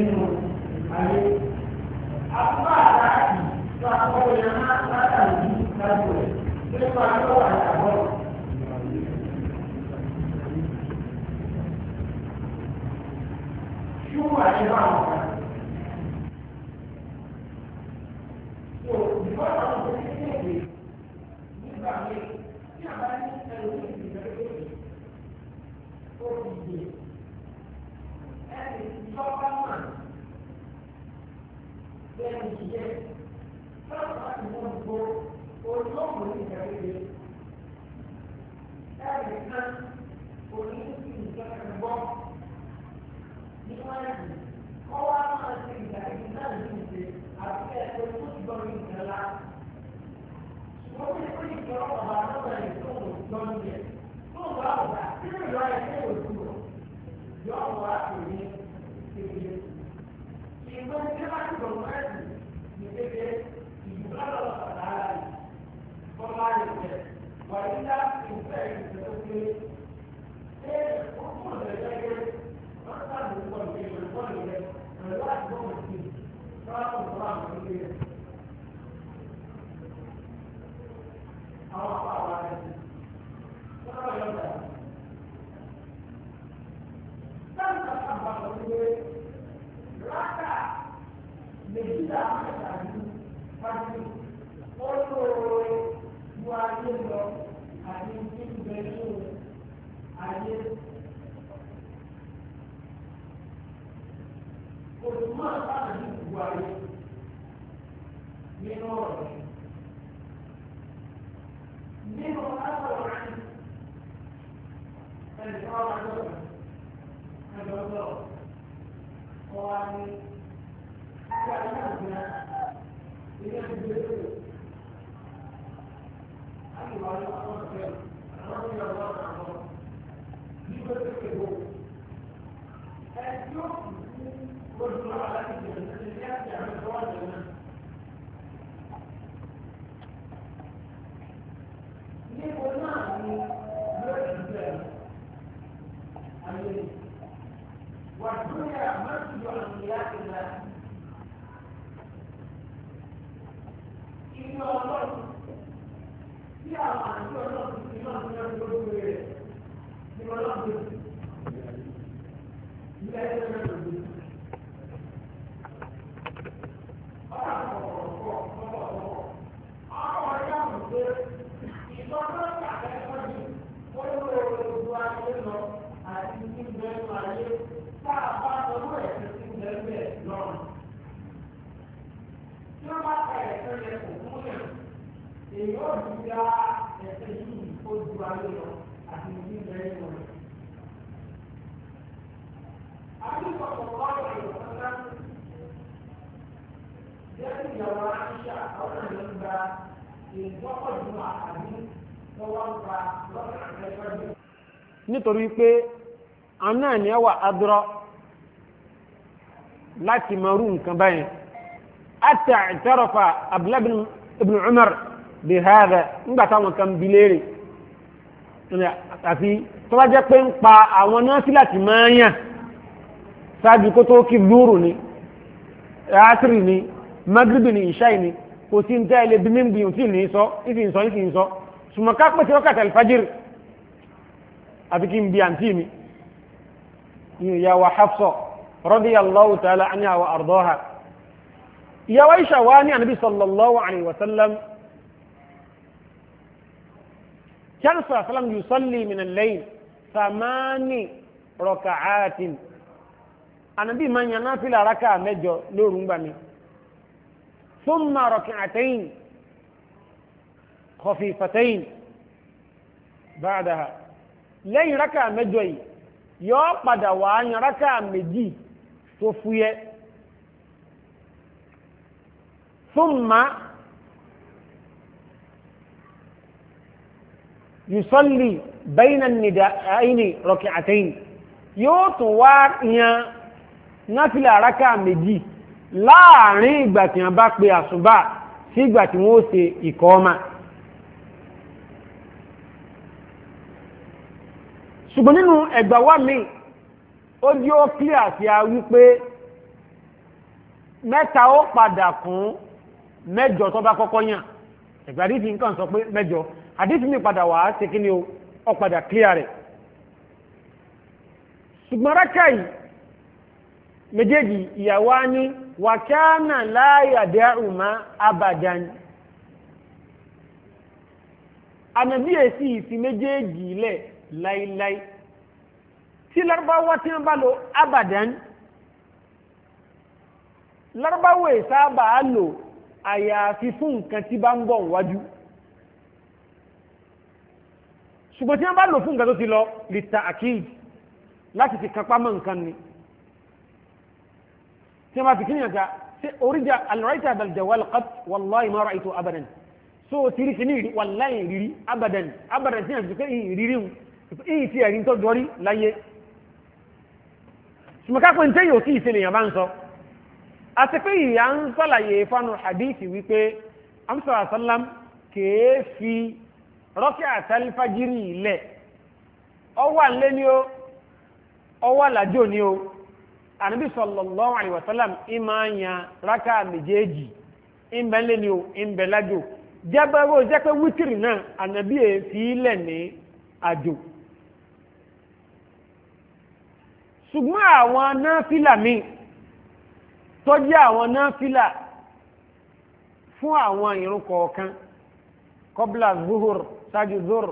nínú ayé. Àkókò àdáàkì tó àkọ́kọ́ yẹn máa ń látàrí ní ìdájọ́ rẹ̀ nípa tó wà lábọ́. Ṣúkú àti báwọn. ayé ó lóore ju ayé lọ àti tí ń bẹ nínú ayé. Olùmọ̀ àbáyé ní ìlú ayé nínú ọ̀rọ̀ nínú agbọ̀rọ̀ ẹnìkan wà èyí ó ti dá ẹsẹ̀ yìí ó ju ayé lọ àti ìdí Nítorí pé àná ni ẹ wà adúrọ́ láti máa nǹkan báyìí. Àtẹ̀ àtẹ́rọ̀fà Abdullahi ibn bí hẹ́ẹ̀rẹ̀ ńgbà táwọn kan bi léèrè àti tó bá jẹ́ pé ń pa àwọn náà sí láti máa ń yàn ṣáájú kó tó kí lúrù ni ráàtìrì ni magribi ni ìṣáì ni kò sí ń tẹ́lẹ̀ bí mímbi ìfì ní sọ ìfì ń ìfì ń ṣùgbọ́n ká pèsè ọkà tẹ̀lé àti kí n bi àǹtí mi ìyàwó Hafsa radiyallahu ta'ala anha wa ardaha ìyàwó Aisha ní ànábì sallallahu alaihi كان صلى الله عليه وسلم يصلي من الليل ثمان ركعات النبي من ينافل ركعة مجو لورن بني ثم ركعتين خفيفتين بعدها لين ركعة مجوي يو قد وان ركعة مجي توفيه ثم yùsọ́lì bẹ́yìn nìdá àìní rọ̀kì àtẹ́yìn yóò tún wá yan náfìlà àrákà méjì láàrin ìgbà tí wọ́n bá pe àsùbá sí ìgbà tí wọ́n ṣe ìkọ́ọ́mà ṣùgbọ́n nínú ẹ̀gbà wà mí ó jí ó clear sí a wípé mẹ́ta ó padà kún mẹ́jọ tó bá kọ́kọ́ yàn ẹ̀gbà rí fi nǹkan sọ pé mẹ́jọ àdísì mi padà wà á ṣe kí ni o ọ padà clear rẹ̀ ṣùgbọ́n rákà yìí méjèèjì ìyàwó á ní wàkánà láyàdé àrùmá abadan ànàbí èsì ìfi méjèèjì lẹ̀ láíláí tí lárúbáwá tí wọ́n bá lo abadan lárúbáwá ìsáàbà á lò àyàfi fún nǹkan tí bá ń bọ̀ wájú ṣùgbọ́n tí wọ́n bá lò fún nǹkan tó ti lọ lè ta àkíyì láti fi kan pámọ́ nǹkan ni tí wọ́n bá ti kíyàn ta ṣe oríjà alraita abaljawal qat wallahi ma ra'aytu abadan so ti rí kíní rí wallahi rírí abadan abadan tí wọ́n ti pé ìyìn rírí ń ìyìn tí ẹ̀rí tó dọrí láyé ṣùgbọ́n kápẹ́ ní tẹ́yìn òkì ìṣẹ̀lẹ̀ yàn bá ń sọ àti pé ìyà ń sàlàyé fanu hadith wípé amsalaam kèé fi rọ́kì àtàlífàjírì ilẹ̀ ọwà ńlé ni ó ọwà làjò ni ó ànábì sallallahu alaihi wasallam ìmáàyàn rákà méjèèjì ìmbẹ̀ ńlé ni ó ìmbẹ̀ lájò jábẹ́wò jẹ́ pé wítìrì náà ànábì èéfì ilẹ̀ ní àjò ṣùgbọ́n àwọn náfìlà mi tó àwọn náfìlà fún àwọn ìrun kọ̀ọ̀kan zuhur ṣáájú zuhr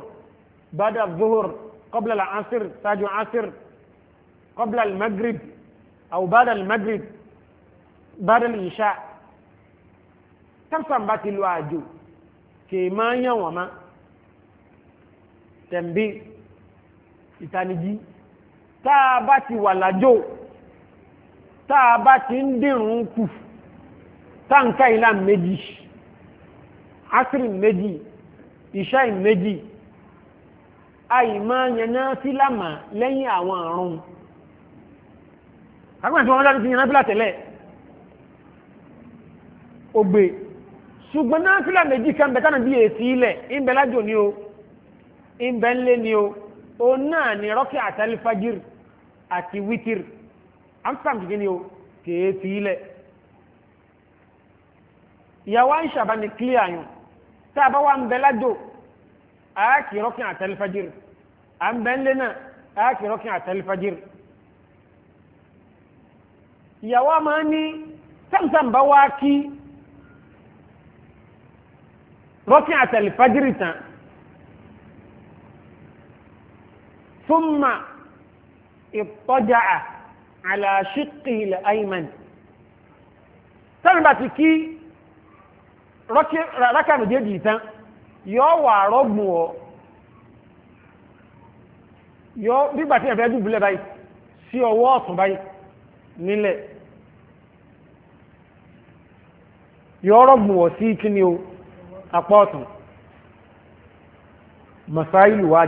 bada zuhr qabla al-asr ṣáájú asr qabla al-maghrib aw bada al-maghrib bada al-isha tẹ́sán bá ti lo àjò kì í máa ń yàn wọ́n má tẹ̀m̀bí ìtanijí tá a bá ti wà lájò tá a bá ti ń dìrún kù táǹkà ìlà méjì asiri méjì ìṣáì méjì àìmọ́ yẹná fílàmà lẹ́yìn àwọn àrùn agbọ́n tí wọ́n láti fi yẹná fílà tẹ́lẹ̀ ògbè ṣùgbọ́n náà fílà méjì kan bẹ̀ bí èsì ilẹ̀ ìbẹ̀ lájò ni o ìbẹ̀ ńlé ni o o náà ni rọ́kì àtàlí fajir àti wítìr amsterdam kìkì ni o kèé fi ilẹ̀ ìyàwó àìṣàbá ni tá a bá wà ń bẹ lájò a kì í rọ́kìn àtẹlifájìr à ń bẹ ńlẹ́ náà a kì í rọ́kìn àtẹlifájìr. ìyàwó a máa ní sàmsàm bá wá kí rọ́kìn àtẹlifájìr tán súnmà ìtọ́jà àlàáṣíkì ilẹ̀ ayman. sábà rákà méjèèjì yọọ yóò wà rọ́gbùn ọ yóò nígbà tí ẹ̀fẹ́ dùbúlẹ̀ báyìí sí ọwọ́ ọ̀tún báyìí nílẹ̀ yóò rọ́gbùn ọ sí kíni o apá ọ̀tún masáìlù wa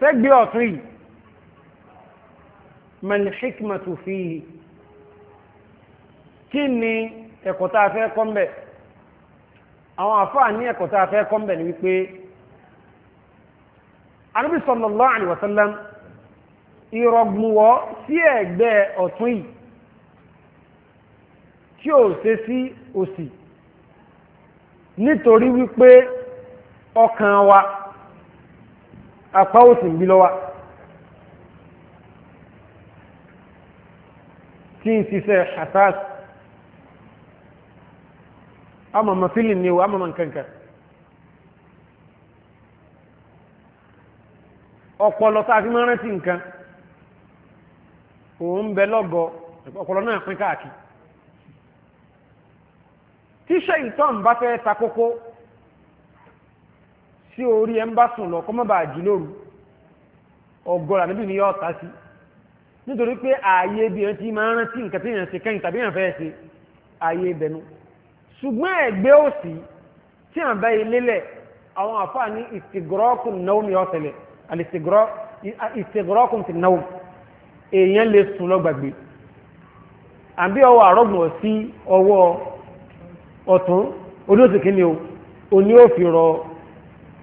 sẹ́gbẹ́ ọ̀tún yìí malhikmatu fihi kí ni ẹ̀kọ́ tá a fẹ́ kọ́ mbẹ̀ àwọn àfáà ní ẹ̀kọ́ tá a fẹ́ kọ́ mbẹ̀ ni wípé anábì sallallahu alaihi wasallam ìrọ̀gbùnwọ́ sí ẹ̀gbẹ́ ọ̀tún yìí tí ò ṣe sí òsì nítorí wípé ọkàn wa apá òsì ń bí lọ́wọ́ tí ń ṣiṣẹ́ hasas amama filin ne wa amama kanka ọpọlọ tá a fi máa rántí nǹkan òun ń bẹ lọ́gọ ọpọlọ náà pín káàkiri tíṣẹ́ ìtọ́ ń bá fẹ́ ta tí orí ẹ ń bá sùn lọ kọ́mọ́ bá jí lóru ọgọ́rà níbi ni yóò ta sí nítorí pé ààyè ibi ẹ̀ ti máa rántí nǹkan tí èèyàn ṣe kẹ́yìn tàbí èèyàn fẹ́ ṣe ààyè ibẹ̀nu ṣùgbọ́n ẹ̀gbẹ́ òsì tí à ń bá ilé lẹ̀ àwọn àfáà ní ìsìgọ́rọ́kùn náà mi ọ̀tẹ̀lẹ̀ ìsìgọ́rọ́kùn ti náà èèyàn lè sùn lọ gbàgbé àbí ọwọ́ àrọ́gbọ̀n sí ọwọ́ ọ̀tún oníòsì kìíní o oní òfin rọ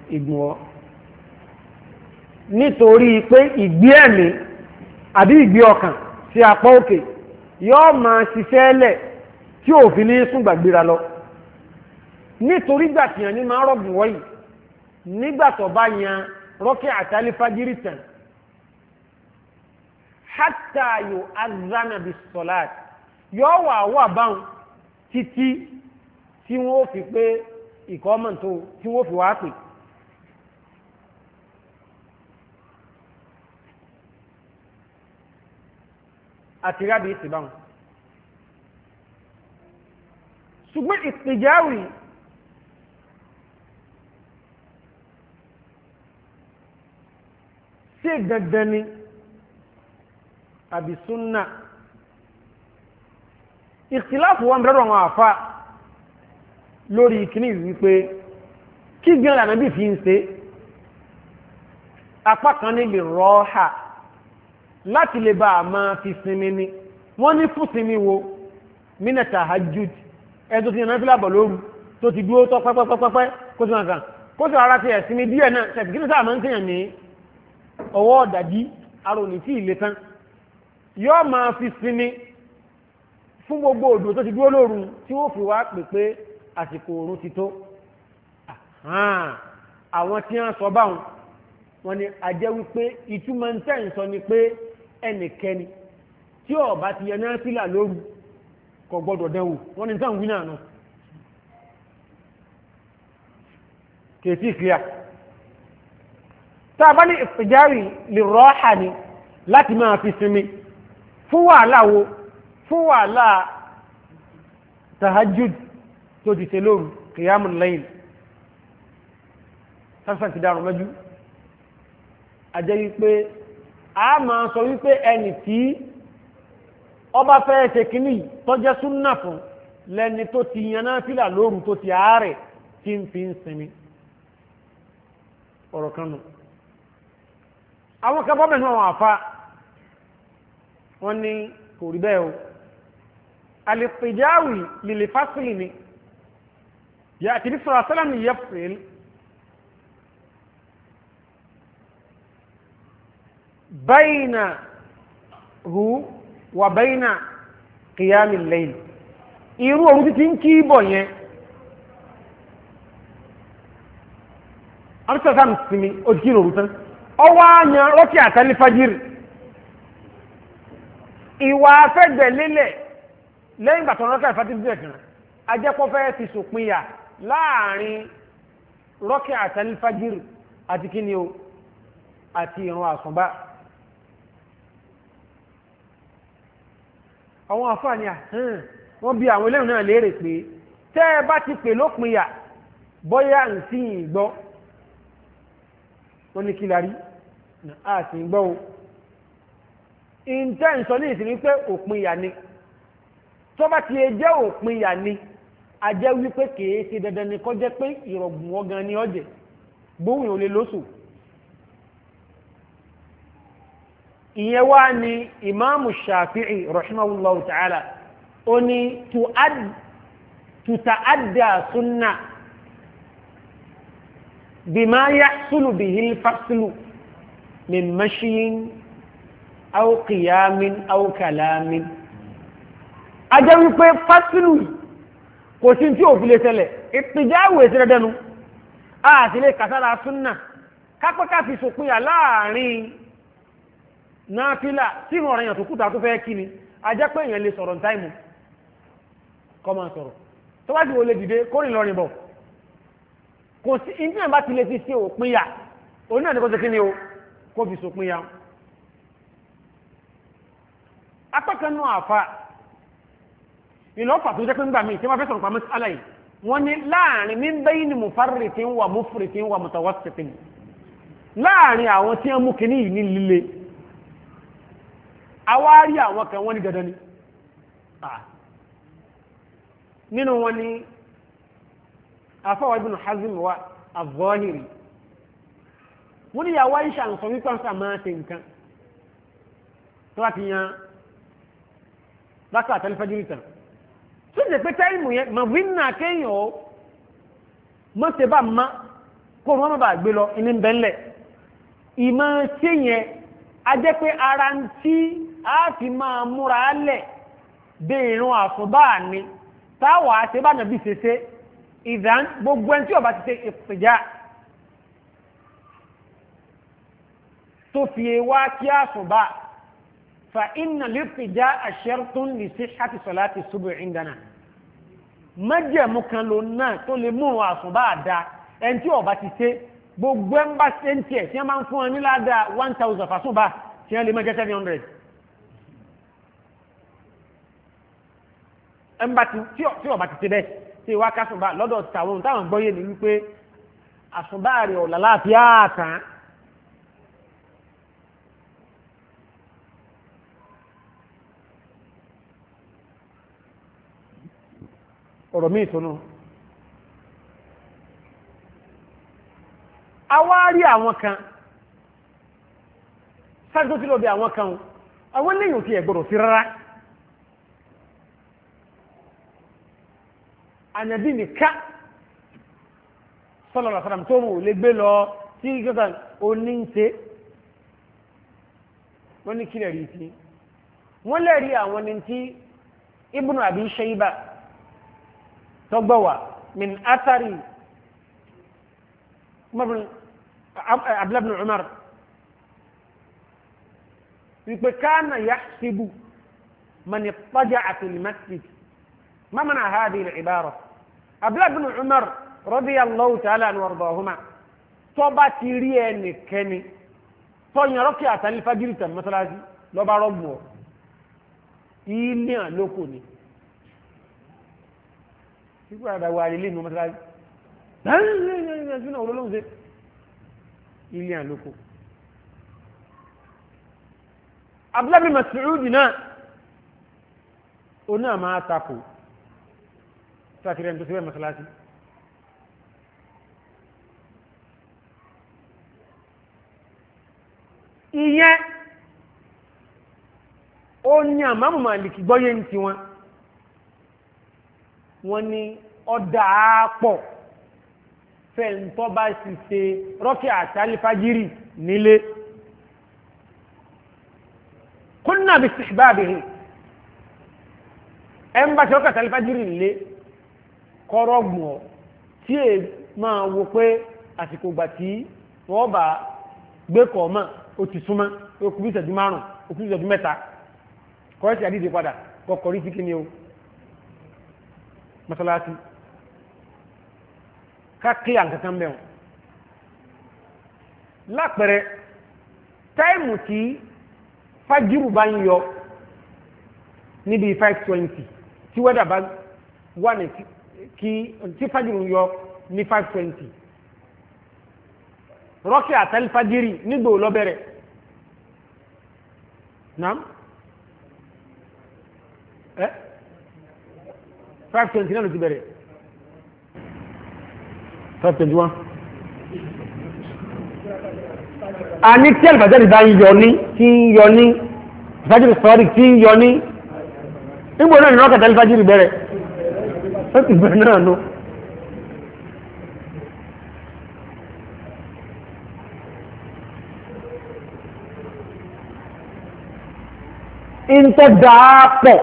igun ọ nítorí pé ìgbé ẹ̀mí àbí ìgbé ọkàn sí apá òkè yóò máa ṣiṣẹ́ lẹ̀ tí òfin ní súngbàgbéra lọ nítorí gbà tí yàn ní máa rọ̀gùn wọ́yì nígbà tó bá yan rọ́kẹ́ àtàlí fagiri tán hátà yóò azánàbí sọ̀láàt yóò wà wà báwọn títí tí wọ́n fi pé ìkọ́mọ̀ntò tí wọ́n fi wá pè àti rábì ìtìbáwọn ṣùgbọ́n ìtìjáwì sí dandan ni àbí súnà ìtìláfù wọn bẹ̀rẹ̀ wọn àfa lórí ìkíní wípé kí gan lànà bí fi ń ṣe apá kan ní rọ́ọ̀hà láti lè bá a máa fi sinmi ni wọ́n ní fún sinmi wo mina tahajjud ẹni tó ti yànnà fílà bọ̀ lóru tó ti dúró tọ́ pẹ́pẹ́pẹ́pẹ́ kó sì máa kàn kó sì rárá ti ẹ̀ sinmi díẹ̀ náà ṣẹ̀fì kí ni sáà máa ń tẹ̀yàn ní ọwọ́ ọ̀dàdí aróní tí ìlé tán yóò máa fi sinmi fún gbogbo òdò tó ti dúró lóru tí wọ́n fi wá pè pé àsìkò òru ti tó àwọn tí wọ́n sọ báwọn wọ́n ní a jẹ́ wípé ìtumọ̀ ń tẹ̀ ń sọ ni pé ẹnìkẹni tí ó bá ti yẹ náà sílà lóru kò gbọdọ̀ dẹ̀wò wọ́n ni sáà ń wí náà nù kèsí ìkìlíà tá a bá ní ìfìjárì lè rọ́ọ̀hà ni láti máa fi sinmi fún wàhálà wo fún wàhálà tahajjud tó ti ṣe lóru kìyàmùn lẹ́yìn sásàkìdá rọ̀mẹ́jú a jẹ́ wípé a máa sọ wípé ẹni tí ọba fẹ́ ṣe kínní tọ́jẹ́ súnà fún lẹni tó ti yan náà fìlà lóru tó ti àárẹ̀ tí ń fi ń sinmi ọ̀rọ̀ kan àwọn kan bọ́ bẹ̀rẹ̀ àwọn wọ́n ní kò rí bẹ́ẹ̀ o alìpìjáwì lìlìfásìlì ni yàtìrí sọ̀rọ̀ sọ́lá ni yẹ́pìlì bainahu wa baina qiyam al-layl irú òru títí ń kí bọ̀ yẹn amsterdam sinmi ó ti kí òru tán ọwọ́ àyàn rọ́kì àtàlí fajiri ìwà afẹ́gbẹ̀ lélẹ̀ lẹ́yìn bàtàn rọ́kì àtàlí fajiri kan ajẹ́pọ̀ fẹ́ ti sòpinya láàrin rọ́kì àtàlí fajiri àti kíni o àti ìrun àsùnbà. àwọn àfààní àhán wọ́n bí àwọn eléyìí náà léèrè pé tẹ́ ẹ bá ti pè lópinya bọ́yá ń sí ìgbọ́ wọ́n ní kí la rí a sì ń gbọ́ o ìǹtẹ́ ìsọ ní ìsìn wípé òpin ìyà ni tó bá ti jẹ́ òpin ìyà ni a jẹ́ wípé kìí ṣe dandan ni kó jẹ́ pé ìrọ̀gùn ọ̀gan ni ọ̀jẹ̀ gbóhùn ò lè lóṣù ìyẹn wá ní ìmáàmù Shafi'i rahimahullahu ta'ala ó ní tuta'adda sunna bima yahsulu bihi al-faslu min mashyin aw qiyamin aw kalamin a jẹ́ wípé fásílù kò sí tí ò fi lè ṣẹlẹ̀ ìpìjáwò èsì dandanú àti lè kàsára súnnà kápẹ́ká fi sòpinya náàfílà tí ìrùn ọ̀rẹ́yàn tó kúta tó fẹ́ kí ni ajá pé èèyàn lè sọ̀rọ̀ táìmù kọ́mọ̀ sọ̀rọ̀ tó wájú olè dìde kórìn lọ́rin bọ̀ kò sí ìdíyàn bá ti lè fi ṣe òpinya òun náà ni kò kí ni o kó fi ṣòpinya apákanú àfa ìlọ́pàá tó jẹ́ pé ń gbà mí tí wọ́n fẹ́ sọ̀rọ̀ pàmò aláì wọ́n ní láàrin ní bẹ́yìn ni mufarritin wà mufritin wà mutawassitin láàrin àwọn tí wọ́n mú kinní yìí ní líle Awari àwọn kan wọ́n ní dandan ni nínú wọn ni afọwọ́ ibn Hazm wa az-Zahiri wọ́n ní ìyàwó Aisha ń sọ wípé ń sà máa ṣe nǹkan tó bá ti yan lákàtà tẹlifájírì tán tó ṣe pé táìmù yẹn mọ̀ vínà kéèyàn ó mọ̀ ṣe bá má kó wọn má gbé lọ ní bẹ́ńlẹ̀ ìmọ̀ ṣé yẹn a jẹ́ pé ara ń tí a fi máa múra lẹ̀ bí irun àsùnbà ni táwa àti bá nàbí ṣe ṣe ìdán gbogbo ẹni tí ó bá ti ṣe ìpìjà tó fi wá kí àsùnbà fa inna lìpìjà àṣẹrùtún lè ṣe àti sọlá ti ṣubú ìndánà májẹ̀mú kan ló náà tó lè mú àsùnbà dá ẹni tí ó ti ṣe gbogbo ẹni bá ṣe ń tiẹ̀ tí wọ́n máa ń fún ọ ládàá one thousand fàṣùbà tí wọ́n lè mọ jẹ́ seven hundred. ẹnba tí ọba ti ti bẹ tí wàá kásùnbà lọ́dọ̀ tàwọn táwọn gbọ́ yé ni wípé àsùnbà rẹ̀ ọ̀la láàfíà tán. ọ̀rọ̀ míì tó nù. a wá rí àwọn kan sáré tó ti lọ bí àwọn kan o àwọn lẹ́yìn òkè ẹ̀ gbọ́dọ̀ sí rárá. anabi nìka sọlọ lọsọlọ tó ń wòlé gbé lọ tí gbẹgbẹ oníṣe wọn ní kílẹ̀ rí ti wọn lè rí àwọn ní ti ibùnú àbí ṣẹ́yìnbá tọgbọ́wà min atari abdullahi bin umar wípé káàna yahsibu man ìpájà àti lè masjid ما معنى هذه العبارة أبلا بن عمر رضي الله تعالى عنه وارضاهما tọ́ba ti rí ẹnìkẹ́ni tọ́yìn rọ́kì àtàlí fagiri tàbí mọ́sálásí lọ́ba rọ́gbù ọ́ ilé hàn lóko ni ikú àdàwọ̀ àlélé inú mọ́sálásí ilé hàn lóko. abdullahi mas'ud náà oní àmà àtakò tó àti rẹ̀ tó síbẹ̀ mọ́sálásí ìyẹn ó ní àmáàmù màlìkì gbọ́yé ń ti wọn wọn ni ọ̀dà àápọ̀ fẹ́ǹtọ́ bá sì ṣe rọ́kì àtàlífàjírì nílé kúnnà bí sìṣbáàbì ẹ̀ ń bá ṣe rọ́kì àtàlífàjírì nílé kọ́rọ̀gùn ọ̀ tí è máa wo pé àsìkò gbà tí wọ́n bá gbé kọ̀ o ó ti súnmọ́ ó kú ìṣẹ́jú márùn ó kú ìṣẹ́jú mẹ́ta kọ́rẹ́sì àdíje padà kọkọrí sí kíni o mọ́sálásí ká kí àǹkankan bẹ̀rùn yọ níbi 520 tí wẹ́dà bá wà kí tí fajiri yọ ní five twenty rọ́kì àtàlí fajiri nígbà ó lọ́bẹ̀rẹ̀ nam ẹ five twenty náà ló ti bẹ̀rẹ̀ five twenty one àní tí àlùfáàjáde bá ń yọ ní tí ń yọ ní àlùfáàjáde sọ́ọ́rì tí ń yọ ní nígbà náà ní rọ́kì àtàlí fajiri bẹ̀rẹ̀ ó ti bẹ̀ náà nù. ntọ́ daa pọ̀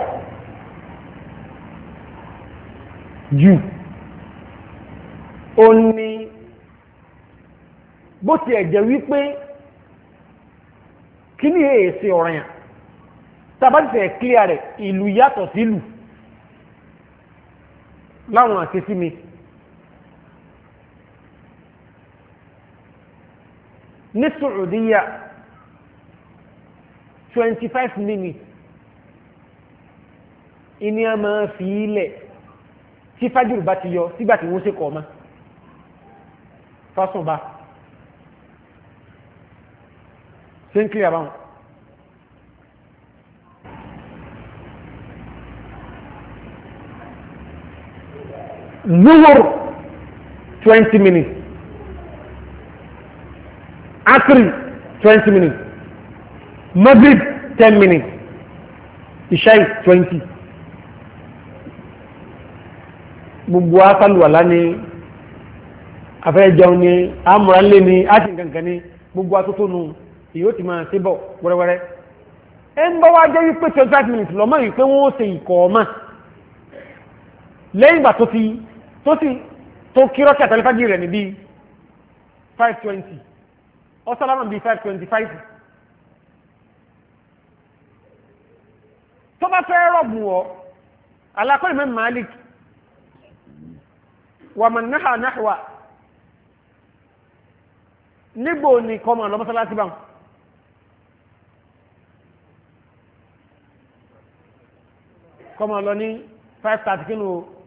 jù ó ní bó tiẹ̀ jẹ́ wípé kí ni èèyàn ṣe ọ̀ràn kílíà rẹ̀ ìlú yàtọ̀ sílùú láwọn àṣesí mi ní Saudiya twenty five minutes ìní a máa fi ilẹ̀ tí fájúrù bá ti yọ sígbà wọ́n ṣe kọ̀ ọ́mọ́ fásùn àbáwọn. zuhur twenty minutes asiri twenty minutes maghrib ten minutes ishai twenty gbogbo akaluwala ni afẹ́jọun ni amúralé ni áti nkankan ni gbogbo atótó nu ìyóò ti máa ṣe bọ̀ wẹ́rẹ́wẹ́rẹ́ ẹ ń bọ́ wá jẹ́ wípé twenty five minutes lọ́mọ yìí pé wọ́n ó ṣe ìkọ̀ ọ̀ma lẹ́yìn ìgbà tó ti tó sì tó kírọ́ kí àtàlẹ́fàjì rẹ̀ ní bíi five twenty ọ̀sálàmù bíi five twenty five. tó bá fẹ́ rọ̀bù ọ alákọ̀ọ́ ìmọ̀ malik wàmà náà náà nígbò ní kọmọ lọ́mọ́sálásí bá kọmọ lọ ní five thirty kínú o.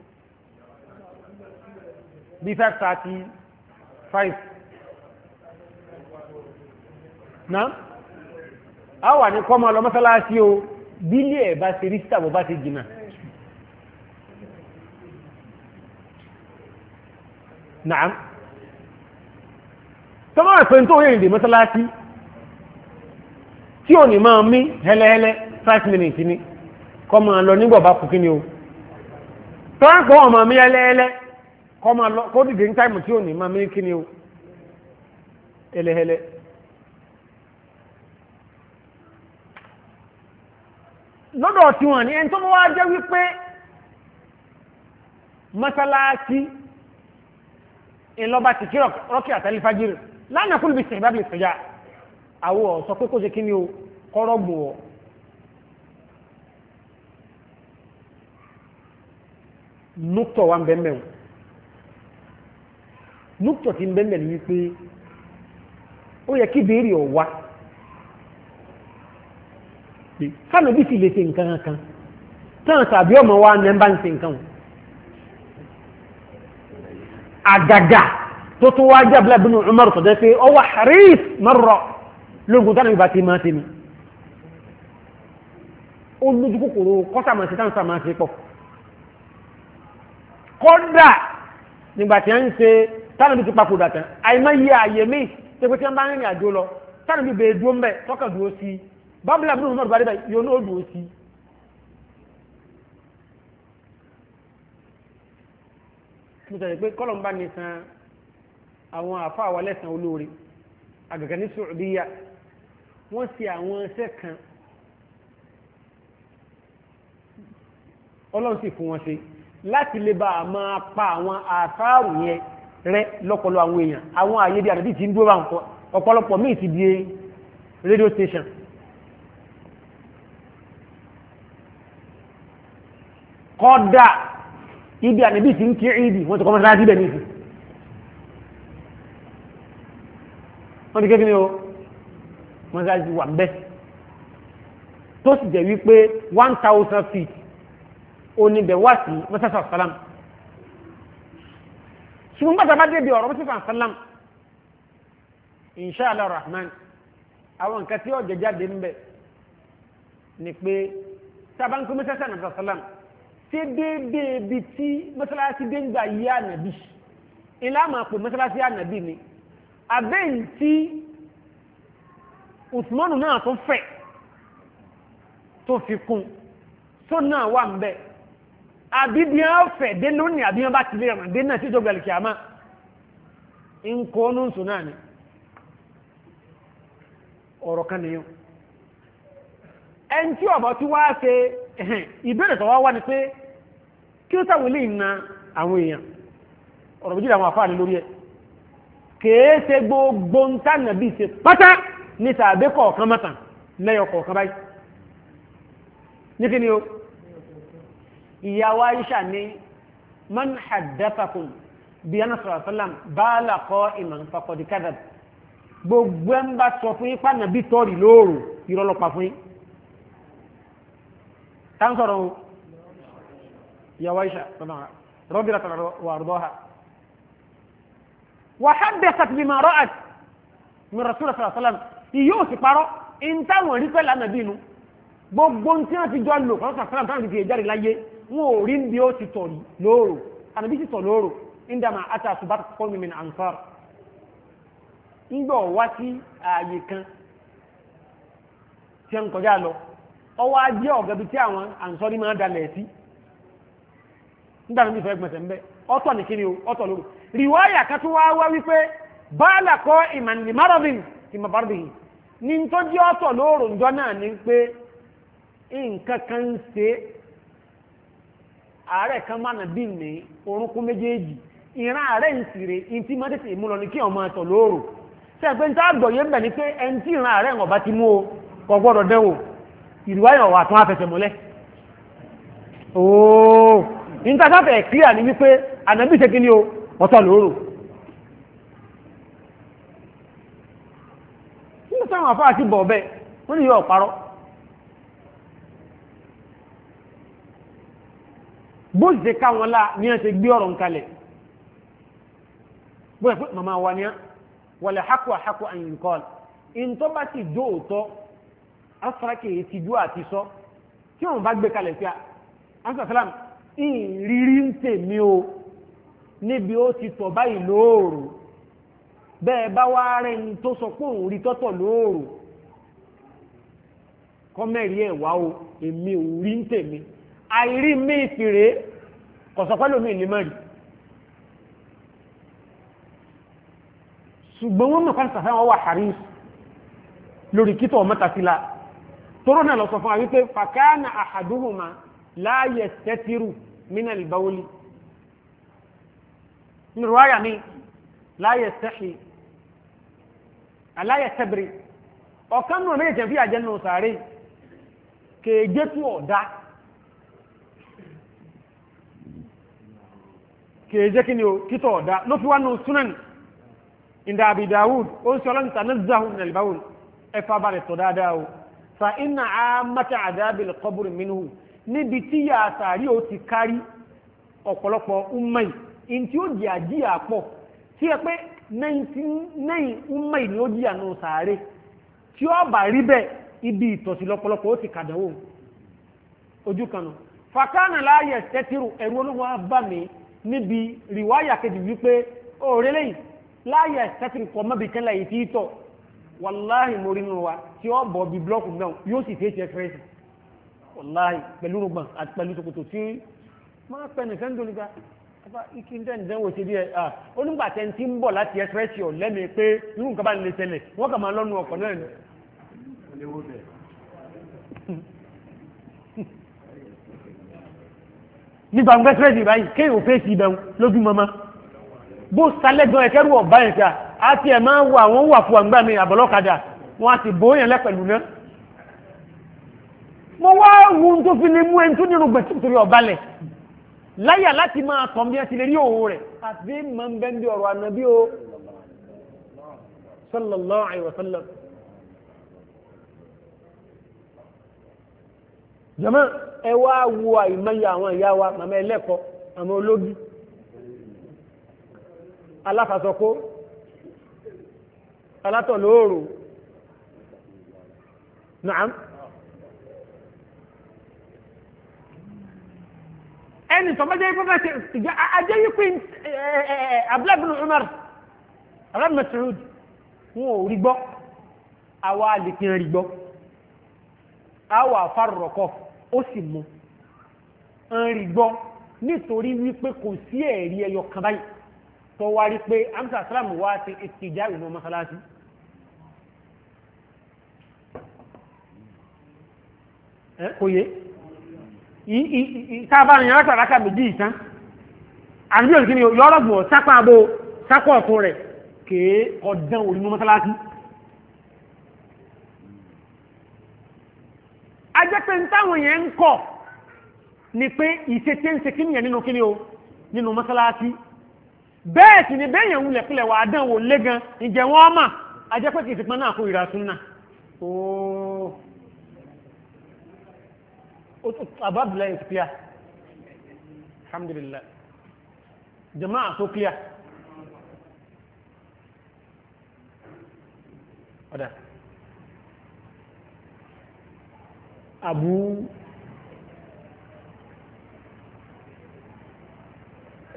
bí five thirty five na awa ni ní kọ́mọ o bílí ẹ̀ bá ṣe rí sítàbọ̀ bá ṣe jìnnà naam tọ́mọ̀ àpẹn tó yẹ̀yìn dè mọ́sálásí tí ò ní máa mí hẹ́lẹ́hẹ́lẹ́ five minutes ni kọ́mọ lọ nígbọ̀ bá kú kí ni o tọ́ǹkọ́ ọmọ mi hẹ́lẹ́hẹ́lẹ́ kọ́ lọ kó dìde ní táìmù tí ò ní máa mílíkì ni o helehele. lọ́dọ̀ tiwọn ni ẹni tó wá jẹ́ wípé mọ́sálásí ìlọba ti kí rọ́kì àtàlẹ́ fagiri lánàá kúlù bí sèbábì sèjá àwọn ọ̀sọ́ pé kó ṣe kí ni o kọ́rọ́ gbò ọ́. nukutọ wa bẹnbẹn o núkútọ̀ tí ń bẹ́ẹ̀ ní wípé ó yẹ kí béèrè ọ̀wá kánà bí sì lè ṣe nǹkan kan tán tàbí ọmọ wa ní ẹnbá ń ṣe nǹkan àgàgà tó tún wá jẹ́ abúlé bínú Umar tó pé ó wà harif mọ́rọ̀ lóògùn tánà ìbá ti máa ṣe mi ó lójú kòkòrò kọ́sàmọ̀ sí táǹsà máa kódà nígbà tí a ń ṣe táwọn ibi ti papòdà tán àìmọ́ yí ààyè míì tẹ́gbẹ́ tí wọ́n bá ń rìnrìn àjò lọ táwọn ibi bèè dúró ń bẹ̀ tọ́kàn dúró sí i bábílì àbúrò mọ́tò bá dé báyìí yóò náà dúró sí i. mo sọ̀rọ̀ pé kọ́lọ̀ ń bá ní san àwọn àfa àwa lẹ́sàn olóore àgàgà ní sùúdíyà wọ́n ṣe àwọn iṣẹ́ kan ọlọ́run sì fún wọn ṣe láti lè bá a máa pa àwọn àṣàrù yẹn rẹ lọ́pọ̀lọ́ àwọn èèyàn àwọn àyè bí àdàbí ti ń dúró báwọn ọ̀pọ̀lọpọ̀ míì ti di radio station kọ́dà ibi àdàbí ti ń kí ìdì wọ́n ti kọ́ mọ́sára síbẹ̀ ní ìsìn wọ́n ti kékeré o mọ́sára sí wà bẹ́ẹ̀ tó sì jẹ́ wípé one thousand feet oníbẹ̀ wá sí mọ́sára sàlámù ṣùgbọ́n gbàtà bá débi ọ̀rọ̀ mọ́sífà sálám inṣàlá rahman àwọn nǹkan tí ọ̀jẹ̀ jáde ń bẹ̀ ni pé sábà ń pín mọ́sálásí ànàbà sálám ṣé déédéé bi tí mọ́sálásí dé ń yí ànàbì ilé àmà pé mọ́sálásí ànàbì ni àbẹ́yìn tí Usman náà tó fẹ̀ tó fi kún tó náà wà ń bẹ́ẹ̀. àbí bí wọ́n fẹ̀ dé lónìí àbí wọ́n bá ti lérè dé náà títọ́ gbẹ̀lì kìámá ń kọ́ ọ́nù sùn náà ni ọ̀rọ̀ kan nìyẹn ni pé àwọn èèyàn ọ̀rọ̀ méjìlá àwọn gbogbo ń tànà bí ṣe pátá ní sàbẹ́kọ̀ọ̀kan mọ́tàn lẹ́yọ̀ kọ̀ọ̀kan báyìí ní kí ni ìyàwó aisha ní man haddathakum bí yánà sọ̀rọ̀ sọ́lám báàlà kọ́ ìmọ̀n fakọ̀dì kadab gbogbo ẹ̀ ń bá sọ fún yín pàdánù bí tọ́rì lóòrò ìrọlọ́pàá fún yín tá ń ìyàwó aisha rọ́bì rẹ̀ wà rọ́bọ́ha وحدثت بما رأت من رسول الله صلى الله عليه وسلم iyo si paro in táwọn rí pẹ́ lánàá bínú gbogbo tí wọ́n ti jọ lò kọ́nà sàfẹ́ràn táwọn ti fi èjáre láyé wọn ò rí bí ó ti tọ̀ lóòrò ànàbí ti tọ̀ lóòrò nígbà máa ata àtúbà kọ́ mi mìíràn ansar wá sí kan tí ń kọjá lọ ọwọ́ ajé ọ̀gá tí àwọn ansọ́rí máa dalẹ̀ sí nígbà níbi ìfẹ́ ń bẹ́ ọ̀tọ̀ ní kíni ọ̀tọ̀ rìwáyà kan tó wá wípé báàlà kọ́ ní ọ̀tọ̀ náà ààrẹ kan mánà bí ní orúnkún méjèèjì ìran ààrẹ ń sire in tí mọ́tẹ́tì ìmúlọ ní kí ọmọ ẹ̀tọ̀ lóòrò tí ẹgbẹ́ ń tá àgbọ̀yé ń bẹ̀ ni pé ẹni tí ìran ààrẹ ọ̀bá ti mú o kò gbọ́dọ̀ dẹ́wò ìrìwáyọ̀ wà tún afẹsẹ̀ mọ́lẹ̀ ooo níta sáfẹ̀ kílíà ni wípé ànábì ṣe kí o ọ̀tọ̀ lóòrò nígbà táwọn afáàtì bọ̀ bẹ́ẹ̀ wọ́n ní yọ ọ̀parọ́ bó ṣe káwọn lá ní ẹ ṣe gbé ọ̀rọ̀ ń kalẹ̀ bó ṣe pé màmá wa ni á wọlé hako àhako àyìn kọ́ ìntọ́ bá ti jó òótọ́ afárake yìí ti jó àti sọ tí wọn bá gbé kalẹ̀ sí a asàsàlám ìrírí ń tèmi o níbi ó ti tọ̀ báyìí lóòrò bẹ́ẹ̀ bá wá rẹ̀ ń tó sọ pé òun rí tọ́tọ̀ lóòrò kọ́mẹ́rì ẹ̀ wá o èmi ò rí ń tèmi àìrí mí ìfìrè kọ̀sọ̀pẹ́lò mi lè mọ́rí ṣùgbọ́n wọ́n mọ̀kán sàfẹ́ wọ́n wà harí lórí kítọ̀ ọmọ́tàfílà tóró náà lọ sọ fún àwípé fàkánà àhàdúhùmá láàyè tẹ́tírù mínà ìbáwólì nìrọ̀wáyà mi láàyè tẹ́ṣì aláyè tẹ́bìrì ọ̀kan náà méjèèjì fi kèé jẹ́ kí ni o kítọ̀ ọ̀dá ló fi wá sunan inda abi dawud ó ń sọ́lọ́ níta ní zahu ní alibawul ẹ fa balẹ̀ tọ̀ dáadáa o fa iná a mata àdábìl kọ́bùrù minhu níbi tí yà sàárì ó ti kárí ọ̀pọ̀lọpọ̀ umay in tí ó di àjíyà pọ̀ tí ẹ pé nẹ́yìn umay ni ó jìyà nù sàárè tí ó bá rí bẹ́ẹ̀ ibi ìtọ̀sí lọ́pọ̀lọpọ̀ ó ti kàdánwò ojú fakana la sẹ́tìrù ẹ̀rú olówó abá mi níbi riwaya kejì wípé òòrẹ́ lẹ́yìn láàyè ẹ̀sẹ̀tìrì kọ mọ́bì kẹ́lẹ̀ yìí tí tọ̀ wàláhì mo rí nínú wa tí ó bọ̀ bí blọ́ọ̀kù náà yóò sì fèsì ẹ̀fẹ́rẹ́sì wàláhì pẹ̀lú rògbòn àti pẹ̀lú ṣòkòtò tí máa pẹ̀ nìkan ń dolíga afa ikí ń dẹ́nìdẹ́ wò ṣe bí ẹ à onígbà tẹ́ ń ti ń bọ̀ láti ẹ̀fẹ́rẹ́sì ọ̀ lẹ́mi pé irú nǹkan bá ń le ṣẹlẹ̀ wọ́n kà máa lọ́nu ọkọ̀ náà ni. nígbà gbẹ́ tírẹ́dì báyìí kéèyàn fèsì ìbẹ̀rún lójú mọ́mọ́ bó sálẹ́gbọ́n ẹ̀kẹ́rù ọ̀bá yẹn ká á ti ẹ̀ máa ń wà wọ́n wà fún àgbà mi àbọ̀lọ́kadà wọn á ti bó yẹn lẹ́pẹ̀lú náà. mo wá wu tó fi lè mú ẹni tó nínú gbẹ̀ tó torí ọ̀bá lẹ̀ láyà láti máa tàn bí ẹ ti lè rí òwò rẹ̀ àfi máa ń bẹ́ ń bí ọ̀rọ̀ àná bí o sallallahu alaihi jọmọ́ ẹ wá wo àìmọye àwọn ìyá wa màmá ẹlẹ́kọ̀ọ́ àmọ́ ológi aláfàsọkó alátọ̀lóòrò nàám ẹni tọ́mọ́jẹ́ yìí pọ́fẹ́ ṣe ajẹ́ yìí pín Umar abúlábùnú Mas'ud wọn ò rí gbọ́ àwa lè rí gbọ́ afárọ̀kọ́ ó sì mú ń rí gbọ́ nítorí wípé kò sí ẹ̀rí ẹyọ kan báyìí tó wá rí pé amsa salam wá ti ìtìjà ìnú mọ́sálásí kò yé ìtàbà ni alákàràkà méjì ìtàn àbíyànjú kí ni yọ́rọ̀gbọ̀n sápá abo sápá ọ̀tún rẹ̀ kéé ọ̀dán òní mọ́sálásí ajẹ́ pé ń táwọn yẹn ń kọ̀ ni pé ìṣe tí ń ṣe kí nìyẹn nínú kí o nínú mọ́sálásí bẹ́ẹ̀ sì ni bẹ́ẹ̀ yẹn ń lẹ̀kulẹ̀ wà á dán wò lé gan ǹjẹ́ wọ́n mà ajẹ́ pé kìí sípọn náà kó ìrà sún náà ooo abábìlẹ̀ àbú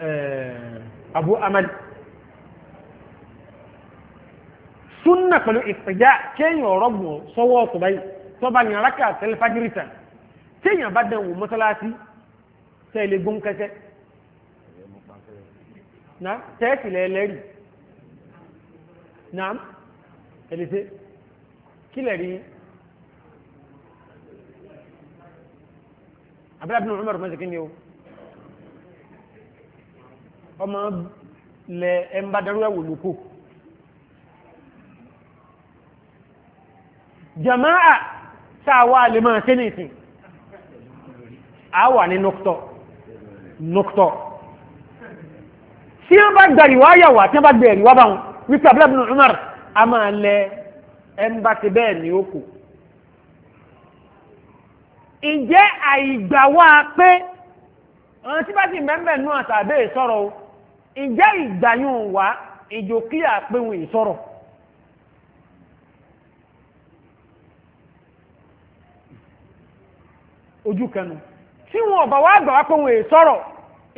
eh, àbú amad súnà pẹ̀lú ìpẹ̀já kéèyàn ọ̀rọ̀gbọ̀n sọ́wọ́ ọ̀tọ̀ báyìí tọ́ba ní arákà tẹlifájírìtà téèyàn bá dẹ̀wò mọ́sálásí tẹ́lẹ̀ gún kẹsẹ́ na tẹ́ẹ̀sì lẹ́ẹ̀lẹ́rì na ẹ̀lẹ́sẹ̀ kílẹ̀ rí abdullahi bin umar mọ́sí kí ni o ọmọ lẹ ẹmbá darú ẹ̀wò lókò jama'a sáwà lè máa kí ní ìsìn a wà ní nọ́kítọ̀ nọ́kítọ̀ tí wọ́n bá gba ìwáyà wà tí wọ́n bá gbẹ̀rì wá báwọn wípé abdullahi bin umar a máa lẹ ẹmbá ti bẹ́ẹ̀ ní ó ǹjẹ́ àìgbà wá pé ọ̀nà tí bá ti mẹ́mẹ́ nú àtàbí ìsọ̀rọ̀ o ǹjẹ́ ìgbàyún wá ìjò kí ìsọ̀rọ̀ ojú kẹnu tí wọn ọ̀bà wá gbà wá pé wọn ìsọ̀rọ̀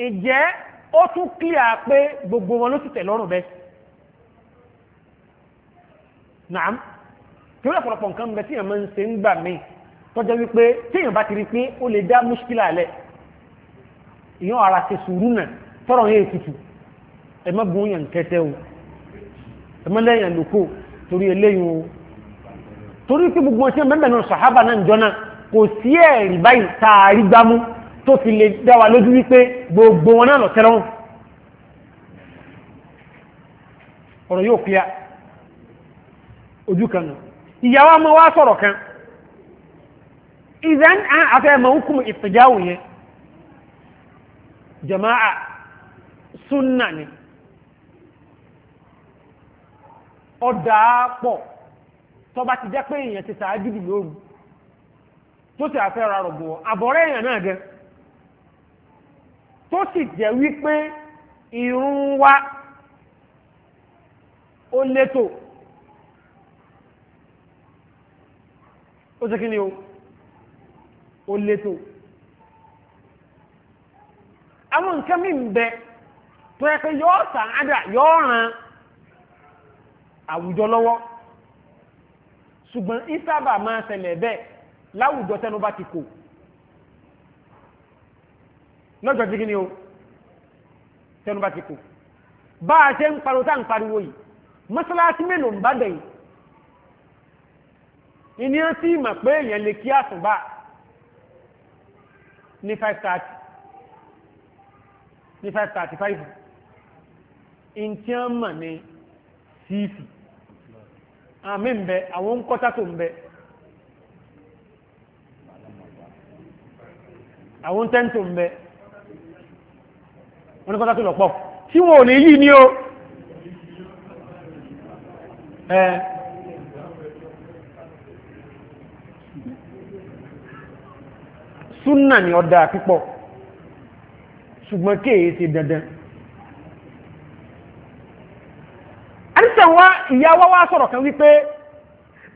ǹjẹ́ ó tún gbogbo wọn ló sì tẹ̀ lọ́rùn bẹ́ẹ̀ nàám tí ó nǹkan bẹ tí tọ́jọ́ wípé téèyàn bá ti rí pé ó lè dá múṣkílà lẹ̀ ìyàn ara ṣe sùúrù náà tọrọ yẹn tutù ẹ má gun yàn kẹtẹ o ẹ má lẹ́yìn àlòkò torí eléyìí o torí pé gbogbo ọtí mẹ́mẹ́ náà sàhábà náà jọ náà kò sí ẹ̀rí báyìí tá a rí gbámú tó fi lè dá wa lójú wípé gbogbo wọn náà lọ tẹ́lọ́rùn ọ̀rọ̀ yóò kíá ojú kan náà ìyàwó ọmọ wa sọ̀rọ̀ kan idan an aka ma hukumu ne jama'a sunna ni ọ̀dà pọ̀ tó bá ti jẹ́ pé èèyàn ti sàájúdì lóru tó ti àfẹ́ ra rọ̀gbọ̀ àbọ̀rẹ́ èèyàn náà gẹ tó sì jẹ́ wípé ìrun wa ó ó sì kí ni ó létò àwọn nǹkan mí ń bẹ tó yẹ pé yọ́ sàn ádà yọ́ ràn àwùjọ lọ́wọ́ ṣùgbọ́n ìsábà máa ṣẹlẹ̀ bẹ́ẹ̀ láwùjọ tẹnu bá ti kò lọ́jọ́ tí kí o tẹnu bá ti kò bá a ṣe ń pariwo tá à ń pariwo yìí mọ́sálásí mélòó ń bá dẹ̀yìn ìní ó sì mọ̀ pé èèyàn lè kí àsùnbà Ni five thirty ní five thirty five ntí wọn mọ̀ ní sífì àmì ń bẹ àwọn ń kọ́tà tó ń bẹ àwọn tẹ́ wọn ní kọ́tà tó lọ pọ̀ tí ò ní yí ni o. Eh. súnà ni ọ̀dà pípọ̀ ṣùgbọ́n kéèyè ti dandan àrísẹ̀wá ìyàwó wá sọ̀rọ̀ kan wípé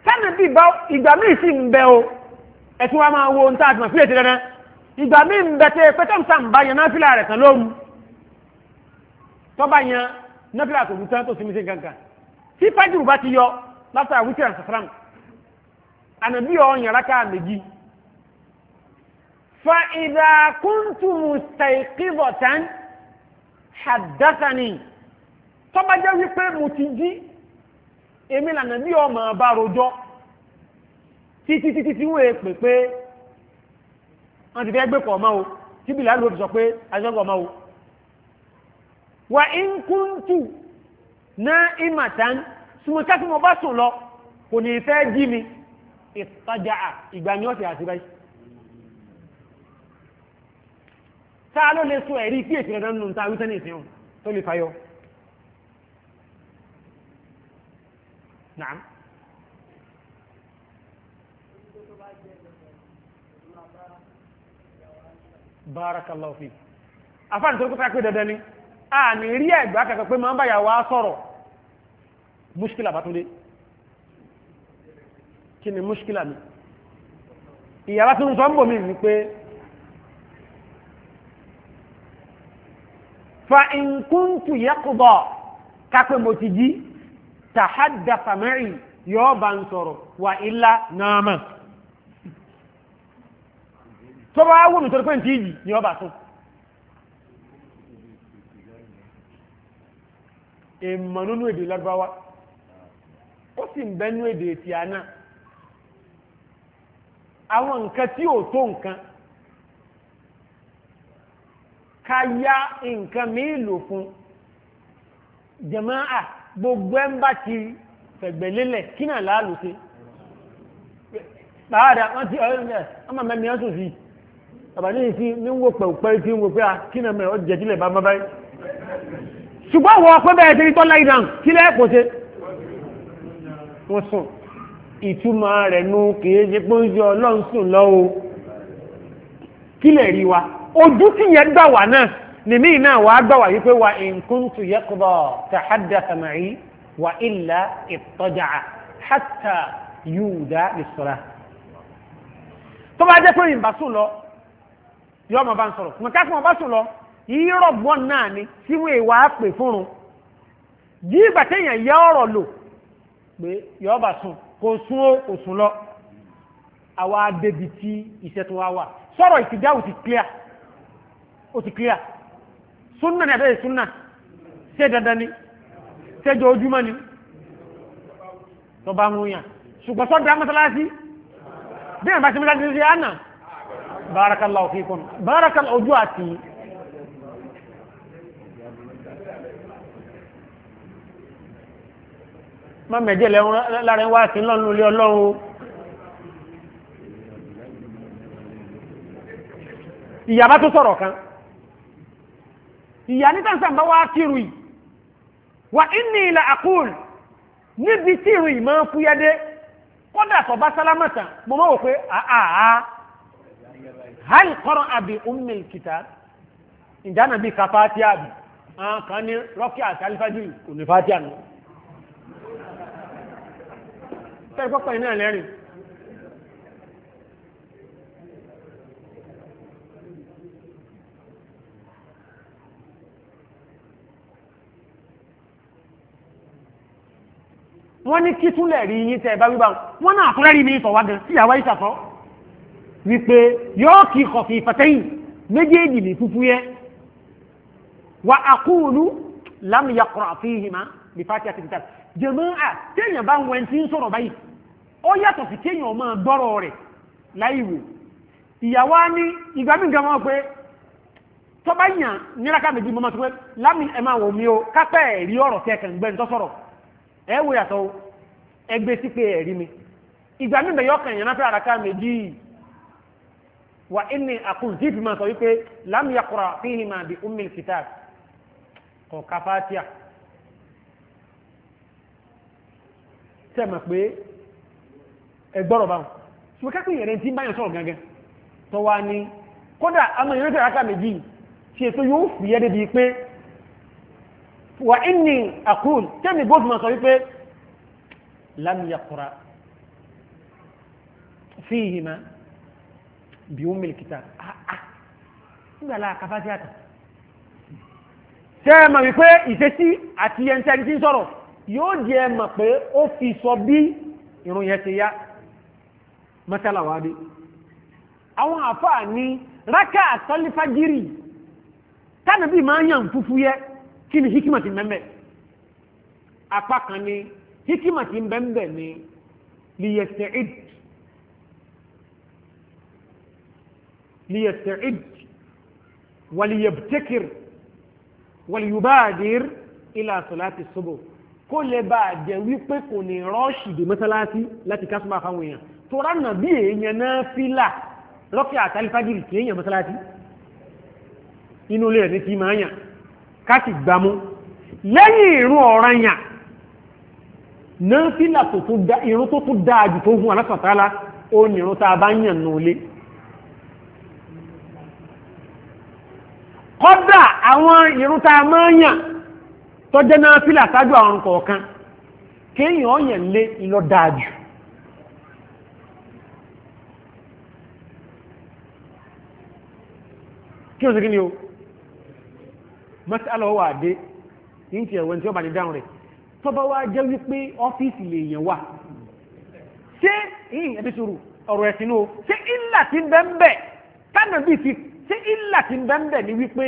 tẹ́nà bí bá ìgbà míì sí ń bẹ o ẹ̀tún wa máa wo ohun tá a ti mọ̀ fílẹ̀ ti dandan ìgbà míì ń bẹ tẹ́ pé tẹ́mùsà ń bá yẹn náà fílà rẹ̀ kan lóru tọ́ba yẹn náà fílà tó rútan tó sinmi sí gangan tí fájìrù bá ti yọ látara wíkẹ̀ àǹsàsàràm ànàbí ọ̀ yàrá ká méjì فإذا كنت مستيقظة حدثني tọ́ba jẹ́ wípé mo ti jí èmi lànà bí ọmọ bá rojọ́ títí títí tí wọ́n pè pé wọ́n ti fẹ́ gbé kọ̀ ọmọ o tí bìlá ló fi sọ pé aṣọ́gbọ̀ ọmọ o wà ń kúntù náà ìmàtán súnmọ́ tí mo bá sùn lọ kò ní fẹ́ jí mi ìtajà ìgbà ni ọ̀sẹ̀ àti báyìí ta ló lè sọ ẹ̀rí kí èsì rẹ̀ nù ta wíṣẹ́ ní ìsìn òun tó lè fayọ. Nàá. Barakallahu fi. Afáàní tó kọ́kọ́ pé dandan ni, a ní rí ẹ̀gbá kankan pé máa ń báyà wá sọ̀rọ̀. Múṣkìlà bá tún dé. Kí ni múṣkìlà mi? Ìyàrá tó ń sọ ń bò mí ni pé fa in kuntu yaqda kápẹ́ mo ti jí tahaddatha ma'i yóò bá ń sọ̀rọ̀ wà illa náàmà tó bá wùn tó pé tí yìí ni ọba tó èèmọ̀ nínú èdè lágbáwá ó sì ń bẹ́nú èdè tìánà àwọn nǹkan tí ò tó nǹkan ká yá nǹkan mìíràn lò fún jàmáà gbogbo ẹ̀ ń bá ti fẹ̀gbẹ̀ lélẹ̀ kí náà láàlù sí pàádà wọ́n ti ọ̀rẹ́ ẹ̀ ọmọ mẹ́mí ọ́sùn sí bàbá ní ìsí ní ń wo pẹ̀lú tí ń wo pé ah, kí náà mẹ́ ọ jẹ̀jílẹ̀ bá bábáyé ṣùgbọ́n wọ́n pé bẹ́ẹ̀ ti rí tọ́lá ìdáhùn kí lẹ́ kò ṣe wọ́n sùn ìtumọ̀ rẹ̀ nú kìí ṣe pé ń yọ ọlọ́run sùn lọ́wọ́ kí lẹ̀ rí wa ojú tí yẹn gbà wá náà nìmí náà wàá gbà wá yìí pé wà ìǹkúntù yẹ kúrọ̀ tàhádà sàmàrí wà ìlà ìtọ́jà hátà yúdà ìṣọ́ra. tó bá jẹ́ pé ìbá sùn lọ yọ ọmọ bá ń sọ̀rọ̀ mọ̀ káfí wọn sùn lọ yìí rọ̀gbọ́n náà ni tí wọ́n wà á pè fúnrun yí ìgbà téèyàn ọ̀rọ̀ lò pé yọ ọba sùn kò sún ti clear O ti clear súnà ní àtẹ́sẹ̀ súnà ṣé dandan ni ṣéjọ ojúmọ́ ni tó bá mú yàn ṣùgbọ́n sọ́dọ̀ á mọ́sálásí bí ẹ̀ bá ṣe mọ́sálásí ṣe àná barakallahu fikum barakallahu ojú àti má mẹ̀jẹ̀ lára wá sí lọ́nà ilé ọlọ́run ìyàbá tó sọ̀rọ̀ kan ìyá ní tàǹsán bá wá kírun yìí wà ní ilà àkúl níbi tí ìrìn ìmọ̀ fúyẹ́dé kọ́dà tó bá sálámàtà mo máa wò pé àhàhà hal kọ́rọ̀ àbí ummil kitab ìjánà bíi ka fatiha bì kan ní rọ́kì àti alifájú kò ní fatiha nù. tẹ́lifọ́pọ̀ yìí náà lẹ́rìn-ín. wọ́n ní kí túnlẹ̀ rí yín tẹ́ bá wíwá wọ́n náà fúnrẹ́ rí mi sọ wá gan sí àwa ìṣàfọ́ wípé yóò kí kọ̀fì ìfàtẹ́yìn méjèèjì ní fúfú yẹ wa àkúùlù lámìyàkọ̀rọ̀ àfihìmá bí fàtí àti kìtà jẹ̀mọ́ à téèyàn bá ń wẹ̀ tí ń sọ̀rọ̀ báyìí ó yàtọ̀ sí téèyàn ọmọ gbọ́rọ̀ rẹ̀ láìwò ìyàwó á ní ìgbà mí gan mọ́ pé tọ́bá yàn nílákà méjì mọ́mọ́ tó pé lámì ẹ̀ máa wò mí o kápẹ́ rí ọ̀rọ̀ tẹ́ kàn gbẹ́ni tó sọ̀rọ̀ ẹ wò yàtọ̀ ẹgbẹ́ sí pé ẹ̀rí mi ìgbà mi bẹ̀ yọkàn yẹn náfẹ́ àràká méjì wà ní àkùn tí ìfìmọ̀ sọ wípé lámìyàkùrà fíhìn máa bí ummil kitab ọ̀ka fátíà tẹ́mà pé ẹgbọ́rọ̀ báwọn ṣùgbọ́n kápẹ́ ìyẹ̀rẹ́ tí ń báyàn sọ̀rọ̀ gangan tó wá ní kódà àmọ́ ìrẹ́tẹ̀ àràká méjì ṣètò yóò fìyẹ́ débi pé wà inni àkúl tẹ́mi bó tuma sọ wípé lam yaqra fíhìmá bí ó mìlìkìtà àà nígbà láà kafa sí àtà tẹ́ẹ̀mà wípé ìṣesí àti ẹ̀ńtẹ́ni tí ń sọ̀rọ̀ yóò di ẹ mọ̀ pé ó fi sọ bí ìrun yẹn ti yá mọ́sálà àwọn àfáà ní kí ni hikima ti mẹ́mẹ́ apá kan ni hikima ti mẹ́mẹ́ ni liyesta'id liyesta'id waliyabtekir waliyubadir ila salati subu kó lè bá a jẹ wípé kò ní rọ́ọ̀ṣì dé mọ́sálásí láti kásùmá fáwọn èèyàn tó ránà bí èèyàn náà fílà lọ́kẹ́ àtàlífàgìrì kì èèyàn mọ́sálásí inú ilé ní ti máa yàn káti gbámú lẹ́yìn ìrún ọ̀ranyàn náà fílà ìrún tó tún dáa jù tó hun alásọ̀tálá ó ní ìrún tá a bá yàn nù lé kọ́dà àwọn ìrún tá a máa yàn tó jẹ́ náà fílà sáájú àwọn kọ̀ọ̀kan kéèyàn yàn lé ìlọ dáa jù kí o sì kí ni o mọ́sálà wà dé ní ti ẹ̀wọ̀n tí ó bá ní dáhùn rẹ̀ tó bá wá jẹ́ wípé ọ́fíìsì lè yẹn wà ṣé ìyìn ẹbí sòrò ọ̀rọ̀ ẹ̀sìn náà ṣé ìlà ti ń bẹ́ ń bẹ̀ tánà bíi ti ṣé ìlà ti ń bẹ́ ń bẹ̀ ni wípé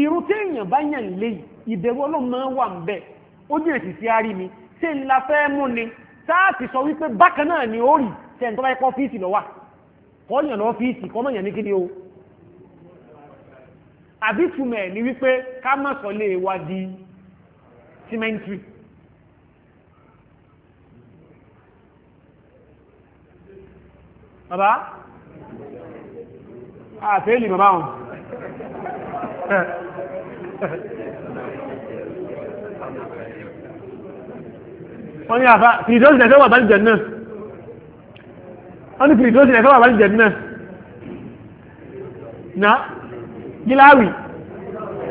irú tí èèyàn bá yàn lé ìbẹ̀rù ọlọ́run máa wà ń bẹ̀ ó jìnà sí sí árí mi ṣé ń la fẹ́ mú ni sáàtì sọ wípé bákan náà ni ó rì ṣe ń tọ́ bá yẹ kọ́ yàn lọ́ ọ́fíìsì kọ́ mọ̀ yàn ní kíni o àbí túmẹ̀ ní wípé ká má sọ lè wá di símẹ́ǹtì. bàbá àfẹ́lì bàbá wọn wọ́n ni àfá fìdíọ́sì ẹ̀fẹ́ wà bálìjẹ̀ náà wọ́n ni fìdíọ́sì ẹ̀fẹ́ wà bálìjẹ̀ náà gíláàwì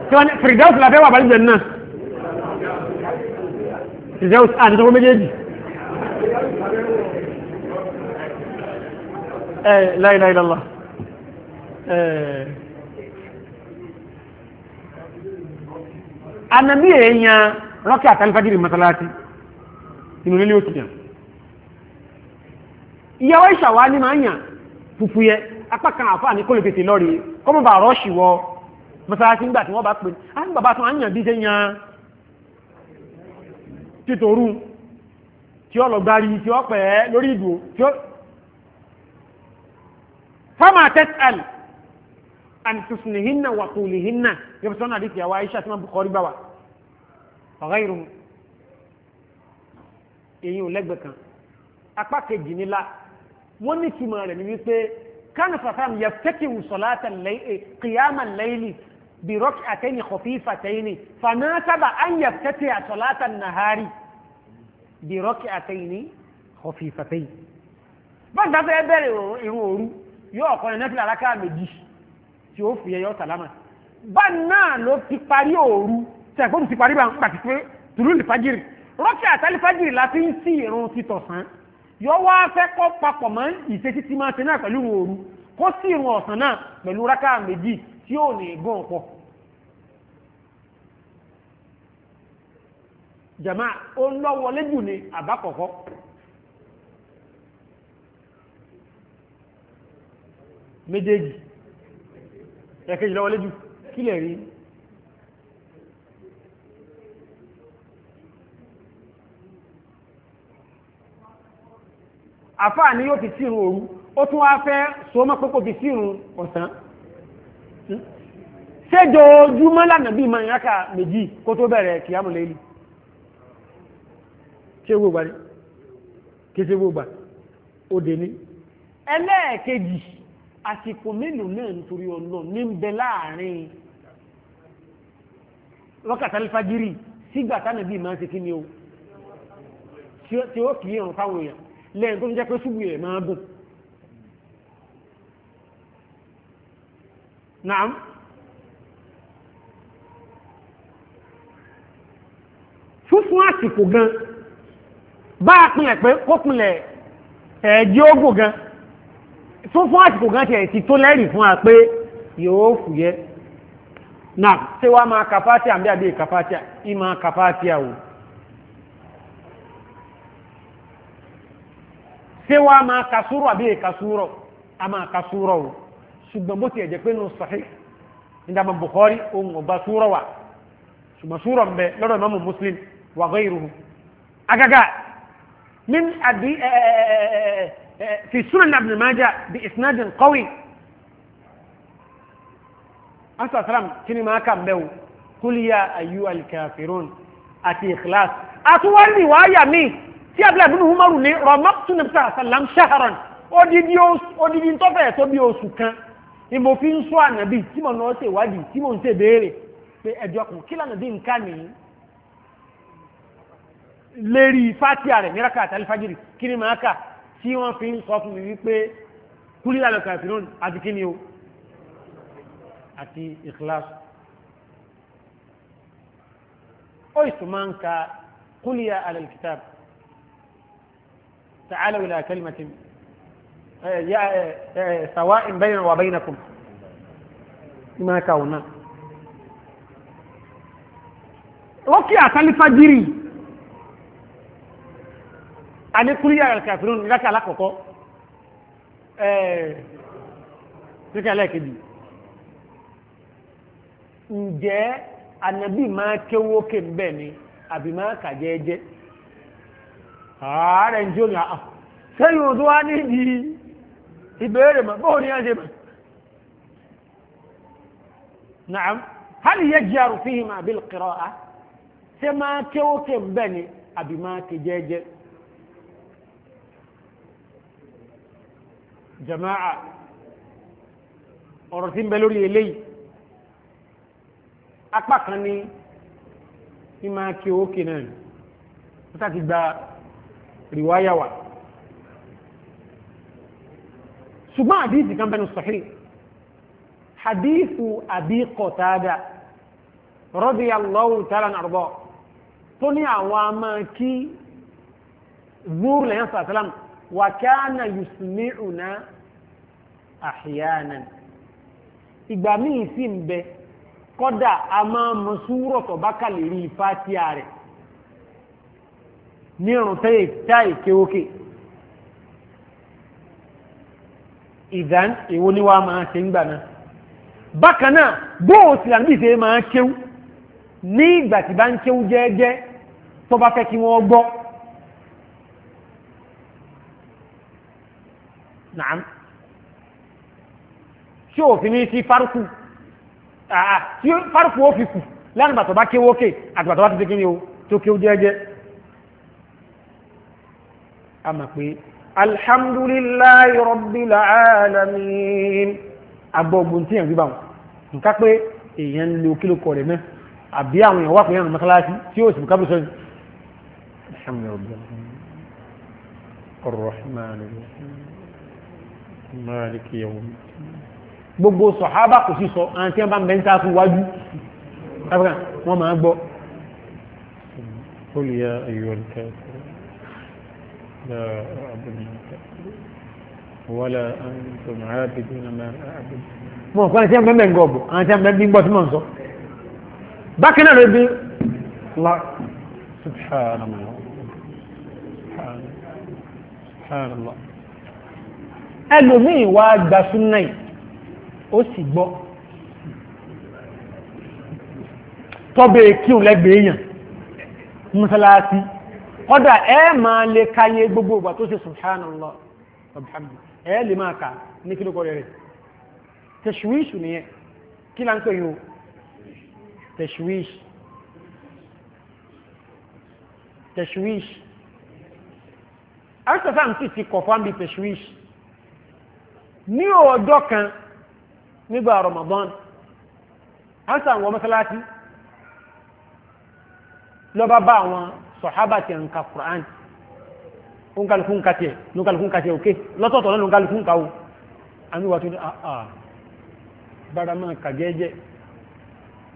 tí wọ́n ní fìrìdáùsì láfẹ́ wà pàdé jẹ̀nà náà fìrìdáùsì àti tọ́kọ́ méjèèjì eh, la ilaha illallah anàbí eh. èèyàn rọ́kì àtàlífàjìrì masalati inú nílé òtù yàn ìyàwó ìṣàwá ní máa ń yàn fùfú yẹ apá kan àfáà ní kólòkètè lọ́rìí kọ́mọ bá rọ́ọ̀ṣì wọ mọ́sálásí ńgbà tí wọ́n bá pè ní ah, á ń bàbá tó ń yàn bí ṣe yan títorú tí ó lọ gbárí tí ó pẹ̀ lórí ìdò tí ó fama tesal an tusnihinna wa tulihinna yóò sọ́nà àdìsí àwa Aisha tí wọ́n Bukhari bá wa ọ̀gá èyí ò lẹ́gbẹ̀ẹ́ kan apá kejì nílá wọ́n ní ìtumọ̀ rẹ̀ ní wípé كان صلى الله عليه وسلم يفتتح صلاة الليل قيام الليل بركعتين خفيفتين فناسب أن يفتتح صلاة النهار بركعتين خفيفتين bọ́n dáfẹ́ bẹ̀rẹ̀ ìrun òru yóò kọ́ ẹ̀ nẹ́fìlà alákà méjì tí ó fi ẹyọ sàlámà bọ́n náà ló ti parí òru tẹ̀gbọ́n ti parí bá ń pàtí pé tùrú lìfájìrì rọ́kì àtàlífájìrì la fi ń sí ìrun títọ̀sán yọ wá fẹ́ kọ́ papọ̀ mọ́ ìṣesí tí máa ṣe náà pẹ̀lú òru kó sì ìrun ọ̀sán náà pẹ̀lú rákà méjì tí ò ní gùn pọ̀. jama ó ń lọ́wọ́ lẹ́jù ní àbákọ̀kọ́. méjèèjì ẹ̀kejì lọ́wọ́ lẹ́jù kílẹ̀ rí àfáà ni yóò fi sírun òru ó tún wáá fẹ́ sọmọ pé kò fi sírun ọ̀sán hmm? ṣéjoojúmọ́ lànà bíi mọ ìyáka méjì kó tó bẹ̀rẹ̀ kìámù lẹ́lì ṣé gbogbo ni kí ṣe gbogbo ó dé ní. ẹlẹ́ẹ̀kejì àsìkò mélòó náà nítorí ọlọ́ọ̀ ní ń bẹ láàrin lọ́kàtà alifajiri sígbà tánàbí máa ń ṣe kí ni o tí ó kì í fáwọn èèyàn lẹ́yìn tó ń jẹ́ pé ṣubú ẹ̀ máa gùn naam fúnfún àsìkò gan bá a pinlẹ̀ pé kó pinlẹ̀ ẹ̀ẹ́dí ogún gan fúnfún àsìkò gan tiẹ̀ ti tó lẹ́rìí fún wa pé yóò fúyẹ́ naam ṣé wàá máa kàfáàtì àbí àbí kàfáàtì ìmọ̀ kàfáàtì àwò. ṣé wàá máa ka súrọ̀ àbí èka súrọ̀ a máa ka súrọ̀ o ṣùgbọ́n bó tiẹ̀ jẹ́ pé nù sahih nígbà máa Bukhari ohun ọba súrọ̀ wa ṣùgbọ́n súrọ̀ ń bẹ lọ́dọ̀ mọ́mù Muslim wa ghayruhu agaga min àbí fi Sunan Ibn Majah bi isnadin qawi ansa salam kini maa kan bẹ o kul ya ayyuhal kafirun àti ikhlas àtúwọ́n ni wàá yà mí. tí abúlé àbúrò umaru ní rọmọtún ní sàrà sàlám ṣaharan odidi ntọ́fẹ̀ tó bí oṣù kan ni mo fi ń sọ ànàbí tí mo náà ṣe ìwádìí tí mo ń ṣe béèrè pé ẹjọ́ kan kí lànàbí nǹkan nìyí lérí fátíà rẹ̀ mìíràn káàtà alifájìrì kí ni kà tí wọ́n fi ń sọ fún mi wípé kúlílà lọ kàfírún àti kí o àti ikhlas ó ìsùn máa kúlíà alẹ́ kìtàbù. تعالوا إلى كلمة سواء بيننا وبينكم ما كونا وكي أتالي فجري أنا كل يا الكافرون لك على كوكو لك على كدي ǹjẹ́ anabi máa kéwókè ń bẹ̀ ni àbí ààrẹ ń jó ní àá sẹ́yìn òtún wá níbi ìbéèrè mọ̀ bóò ní ẹ̀ṣẹ̀ mọ̀ na'am hal yajharu fihima bil qira'a ṣe máa kéwókè bẹ́ẹ̀ ni àbí máa ké jẹ́jẹ́ jama'a ọ̀rọ̀ tí ń bẹ lórí eléyìí apá kan ní ní máa kéwókè náà ní wọ́n ti gba riwaya wa ṣùgbọ́n àdíìsì kan bẹnu sọ̀hí hadithu Abi Qatada radiyallahu ta'ala nàrọ̀bọ̀ tó ní àwọn ọmọ kí zuuru lẹ́yìn sàtàlám wa kana yusmi'una ahyanan ìgbà míì sí ń bẹ kọ́dà a máa mọ̀ súrọ̀ tọ̀bákà rí fátíà rẹ̀ ní irun táì kéwókè ìdán èwo ni wàá máa ṣe ń gbà náà bákan náà bóò sì lànà bí ìṣe máa kéwú ní ìgbà tí bá ń kéwú jẹ́ẹ́jẹ́ tó bá fẹ́ kí wọ́n gbọ́ nàám ṣé òfin ní sí fárúkù àà tí fárúkù ó fi kù lánàá bá kéwókè àti bá ti ṣe kí ni o tó kéwú jẹ́ẹ́jẹ́ a mọ̀ pé alhamdulillahi rabbil alamin agbọ̀gbọ̀n tí yàn rí bá wọn nǹkan pé èèyàn lè òkèlè kọ̀ rẹ̀ náà àbí àwọn èèyàn wà pé yàn mọ́sálásí tí ó sì bù kábíyèsọ yìí gbogbo sọ̀hábà kò sí sọ àti ẹ̀ ń bẹ́ńtà fún wájú wọ́n máa gbọ́ قل يا أيها الكافرون لا أعبد ولا أنتم عابدون ما أعبد mo kọ́ ẹ̀sẹ̀ mẹ́mẹ́ ngọ́ọ̀bù àwọn ẹ̀sẹ̀ mẹ́mẹ́ gbọ́ tí mo ń sọ bákan náà ló bí la subhanallah subhanallah ẹlòmíì wá gba súnà yìí ó sì gbọ́ tọ́bẹ̀ kí òun lẹ́gbẹ̀ẹ́ yàn mọ́sálásí kọ́dà ẹ máa lè káyé gbogbo ìgbà tó ṣe subhanallah subhanallah ẹ lè máa kà ní kí ló kọ́ rẹ̀ tẹ̀ṣwíṣù nìyẹn kí là ń pè yóò tẹ̀ṣwíṣù tẹ̀ṣwíṣù aristophan sì ti kọ̀ fún bí tẹ̀ṣwíṣù ní ọjọ́ kan nígbà Ramadan aristophan wọ mọ́sálásí lọ́ba bá àwọn sọ̀hábà tẹ̀ ń ka Qur'an ó ń kálukú ń ka tẹ̀ ló ń kálukú ń ka tẹ̀ òkè lọ́tọ̀ọ̀tọ̀ náà ló ń kálukú ń ka o àmì wà tó ní àà bára máa kà jẹ́jẹ́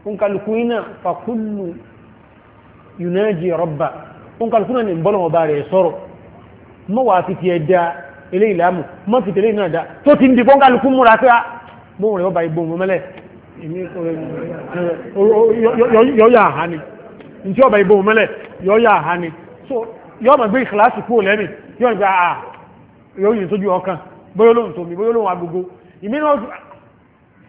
ó ń kálukú iná fàkúlù yunájì rọ́bà ó ń kálukú náà ní bọ́lọ̀ ọba rẹ̀ sọ̀rọ̀ mọ́ wàá fi tiẹ̀ da eléyìí láàmú mọ́ fi tẹ̀lé náà da tó ti ń di fọ́n kálukú múra pé bóun rẹ̀ ọba ìbò mọ́mọ́lẹ̀ yọ̀ọ́yà àhání ntí ọba ìbò mọ́lẹ̀ yọ yà aha ni so yọ mọ̀ gbé ìkìláàsì kúrò lẹ́mì yọ ìgbà à ah, yóò yìí sójú ọkàn bóyá lóhùn tómi bóyá lóhùn agogo ìmí náà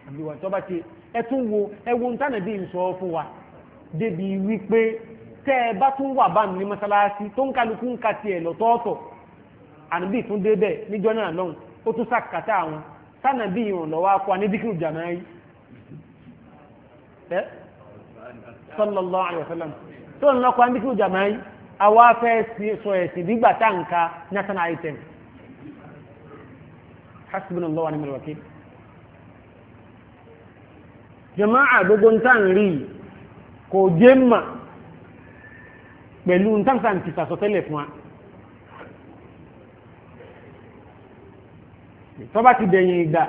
àbíwá tó bá ti ẹ tún wo ẹ wo ntánà bí n sọ fún wa débi wípé tẹ ẹ bá tún wà bá ní mọ́sálásí tó ń kálukú ń ka tiẹ̀ tún dé bẹ́ẹ̀ níjọ́ náà lọ́hùn ó tó ń lọ́kọ́ andikú jamani àwa fẹ́ sọ ẹ̀sìn dígbà tá nǹka national item hasbunallahu wa ni'mal wakil jama'a gbogbo ntan rí kò jẹ́ mà pẹ̀lú ntan sàn ti sàsọtẹ́lẹ̀ fún wa tọ́ba ti dẹ̀yìn ìgbà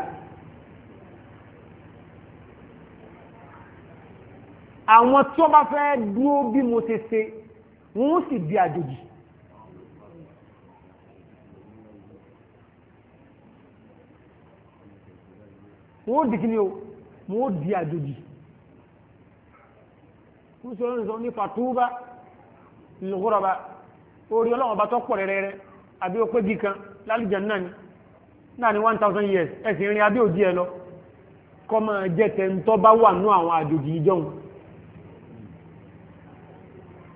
àwọn tí wọ́n bá fẹ́ dúró bí mo ṣe ṣe wọ́n sì di àjòjì wọ́n di kíni o wọ́n di àjòjì wọ́n sọ lónìí sọ ní fàtúbà lùkúrọ̀bà orí ọlọ́wọ́n bá tọ́pọ̀ rẹ̀rẹ̀rẹ̀ àbí ó bí kan lálùjẹ̀ náà ni náà ni one years ẹ̀sìn ìrìn àbí òjì ẹ lọ kọ́ máa jẹ́ tẹ̀ bá wà nú àwọn àjòjì ìjọ́hun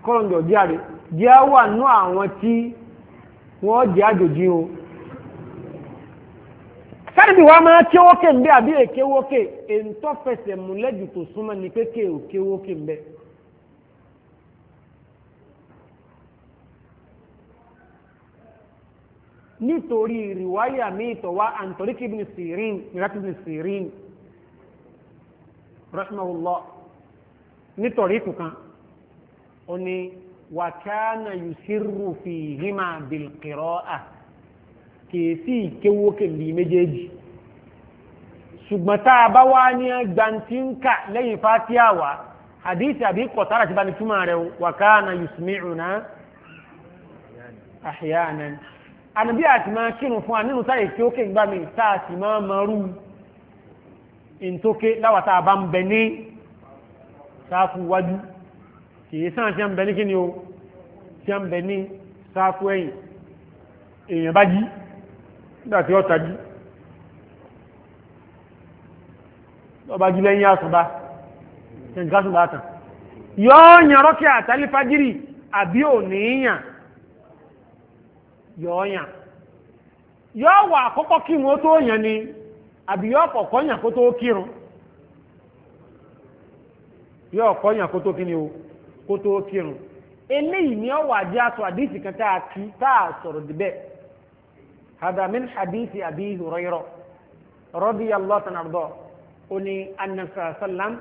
kọ́ńdọ̀ jáde jẹ́ wà nú àwọn tí wọ́n jẹ́ àjòjì o sẹ́ẹ̀dì wa máa ké wókè ń bẹ àbí èké wókè èntọ́ fẹsẹ̀ múlẹ́jù tó súnmọ́ ní kéèké òké ń bẹ. nítorí ìrìwáyà míì tó wá àǹtọ̀ríkì ibn Sirin ìrákì ibn Sirin rahimahullah nítorí kùkan ó ní wàkánà yusiru fihima bilqiraa kèésì kéwókèlì méjèèjì ṣùgbọ́n tá a bá wá ní gbanti ń kà lẹ́yìn fatiha wa hadith àbí kọ̀tara ti bá ní túmọ̀ rẹ̀ wàkánà yusmi'una ahyanan ànàbí àti máa kírun fún wa nínú táyì gbá mi tá a sì máa marú ìntókè láwàtà bá ń bẹ ní sáfù wájú kìí sáà tí a ń bẹ ní kí ni o tí a ń bẹ ní sáàkú ẹ̀yìn èèyàn bá jí nígbàtí ó tají ọba jí lẹ́yìn àsùnbá ẹnìkan sùn bá tàn yóò yàn rọ́kì àtàlí fájírì àbí òníyàn yóò yàn yóò wà àkọ́kọ́ kí wọ́n tó yàn ni àbí yóò kọ́kọ́ yàn kó tó kírun yóò kọ́ yàn kó tó kí ni o kó tó kírun eléyìí ni ọ wà jẹ́ aṣọ àdìsí kan tá a kí tá a sọ̀rọ̀ dìbẹ́ hadamin hadithi abi hurayra radiyallahu ta'ala anhu oni anasa sallam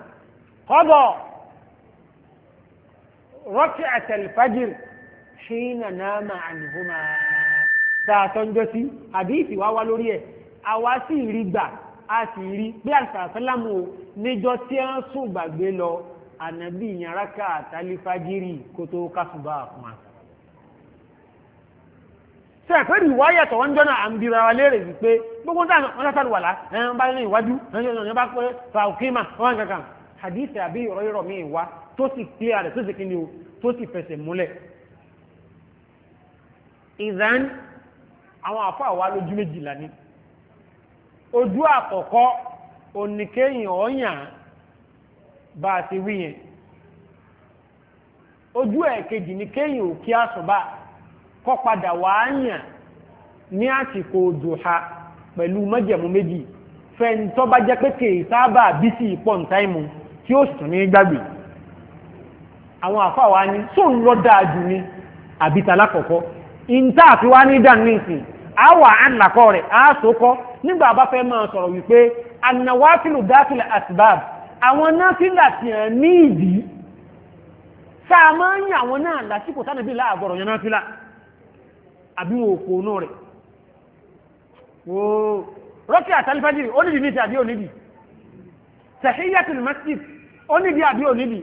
qada rak'at al-fajr hina nama anhuma tá a tọ́jọ́ sí àdìsí wá wá lórí ẹ̀ àwa sì rí gbà a sì rí pé àṣà níjọ́ tí a ń sùn gbàgbé lọ ànàbí ìyànrákà àtàlífàjírì kó tó kásùbà fún wa ṣe ẹ̀fẹ́ rí wáyà tọ̀wọ́n jọ́nà à ń bira wa léèrè wípé gbogbo dáná wọn lásán wà lá ẹn bá ní ìwájú ẹn bá pé fàùkìmà wọn kankan hadith àbí ọ̀rọ̀ ìrọ̀ mi wá tó sì clear rẹ̀ tó sì kíni o tó sì fẹsẹ̀ múlẹ̀. ìdán àwọn àfa ni ojú ọ̀yàn bá a ti wí yẹn ojú ẹ̀ kejì ní kéyìn òkè àsùbá kọ́ padà wàá yàn ní àsìkò dùhà pẹ̀lú májẹ̀mú méjì fẹ́ntọ́ bá jẹ́ pé kèé sábà bí sí ipò ntáìmù tí ó sì ní gbàgbé àwọn àfa wa ni tó ń lọ dáa jù ní àbíta lákọ̀ọ́kọ́ ìntà àfi wá ní dàn nísìn á wà á rẹ̀ á nígbà bá fẹ́ àwọn náfílà tí ẹ̀ ní ìdí sáà máa ń yà àwọn náà lásìkò tánàbí láàgbọ̀rọ̀ yẹn náfílà àbí wọn òpó náà rẹ̀ ooo rọ́kì àtàlífàjìrì ó nídìí níta àbí onídìí tẹ̀híyàtì masjid ó nídìí àbí onídìí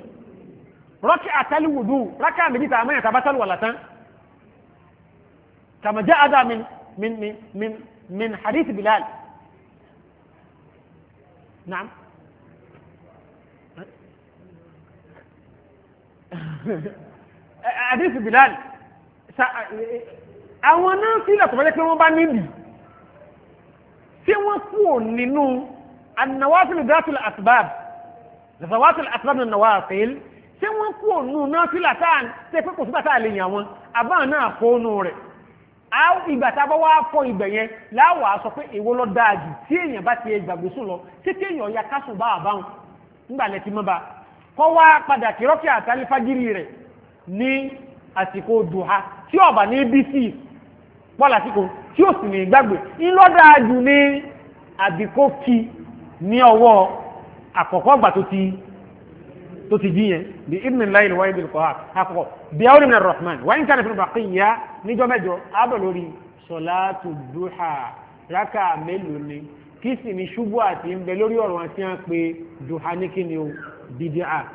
rọ́kì àtàlíwùdú rákà méjì tàà mẹ́yà tàbátàlù wà látán kama jẹ́ adá min min min min naam àdìsí eh, Bilal eh, àwọn náà sílẹ̀ tó fẹ́ pé wọ́n bá níbi tí wọ́n kú nínú anáwáfíìlì dátìlì àtìbáb zawátìlì àtìbáb ní anáwáfíìlì tí wọ́n kú nínú náà sílẹ̀ tá tẹ́ pé kò sí bàtà àlèyàn wọn àbá náà kó nù rẹ̀ ìgbà tá a bá wá fọ ibẹ̀ yẹn láwàá sọ pé èwo lọ dáa jù tí èèyàn bá ti gbàgbé sùn lọ tí kéèyàn ya kásùn bá àbáhùn nígbà lẹ́tí mọ́ bá a kọ́ wá padà kìrọ́kì àtàlí fájírì rẹ̀ ní àsìkò dùhà tí ọ̀bà ní bc pọ́lásìkò tí ó sì ní gbàgbé ńlọ́dàájú ní àbíkó kí ní ọwọ́ àkọ́kọ́ gbà tó ti tó ti jí yẹn bí ibn lai ni wáyé bìlùkọ́ àkọ́kọ́ bí àwọn ènìyàn rahman wáyé nǹkan ìfúnpá kí ìyá níjọ́ mẹ́jọ ábọ̀ lórí sọ̀látù dùhà rákà mélòó ni kí sì ní ṣubú àti ń bẹ lórí ọ̀rọ̀ àti hàn pé dùhà ní kí ni o بدعة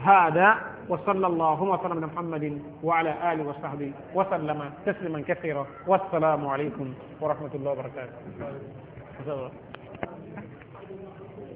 هذا وصلى اللهم وسلم على محمد وعلى آله وصحبه وسلم تسليما كثيرا والسلام عليكم ورحمة الله وبركاته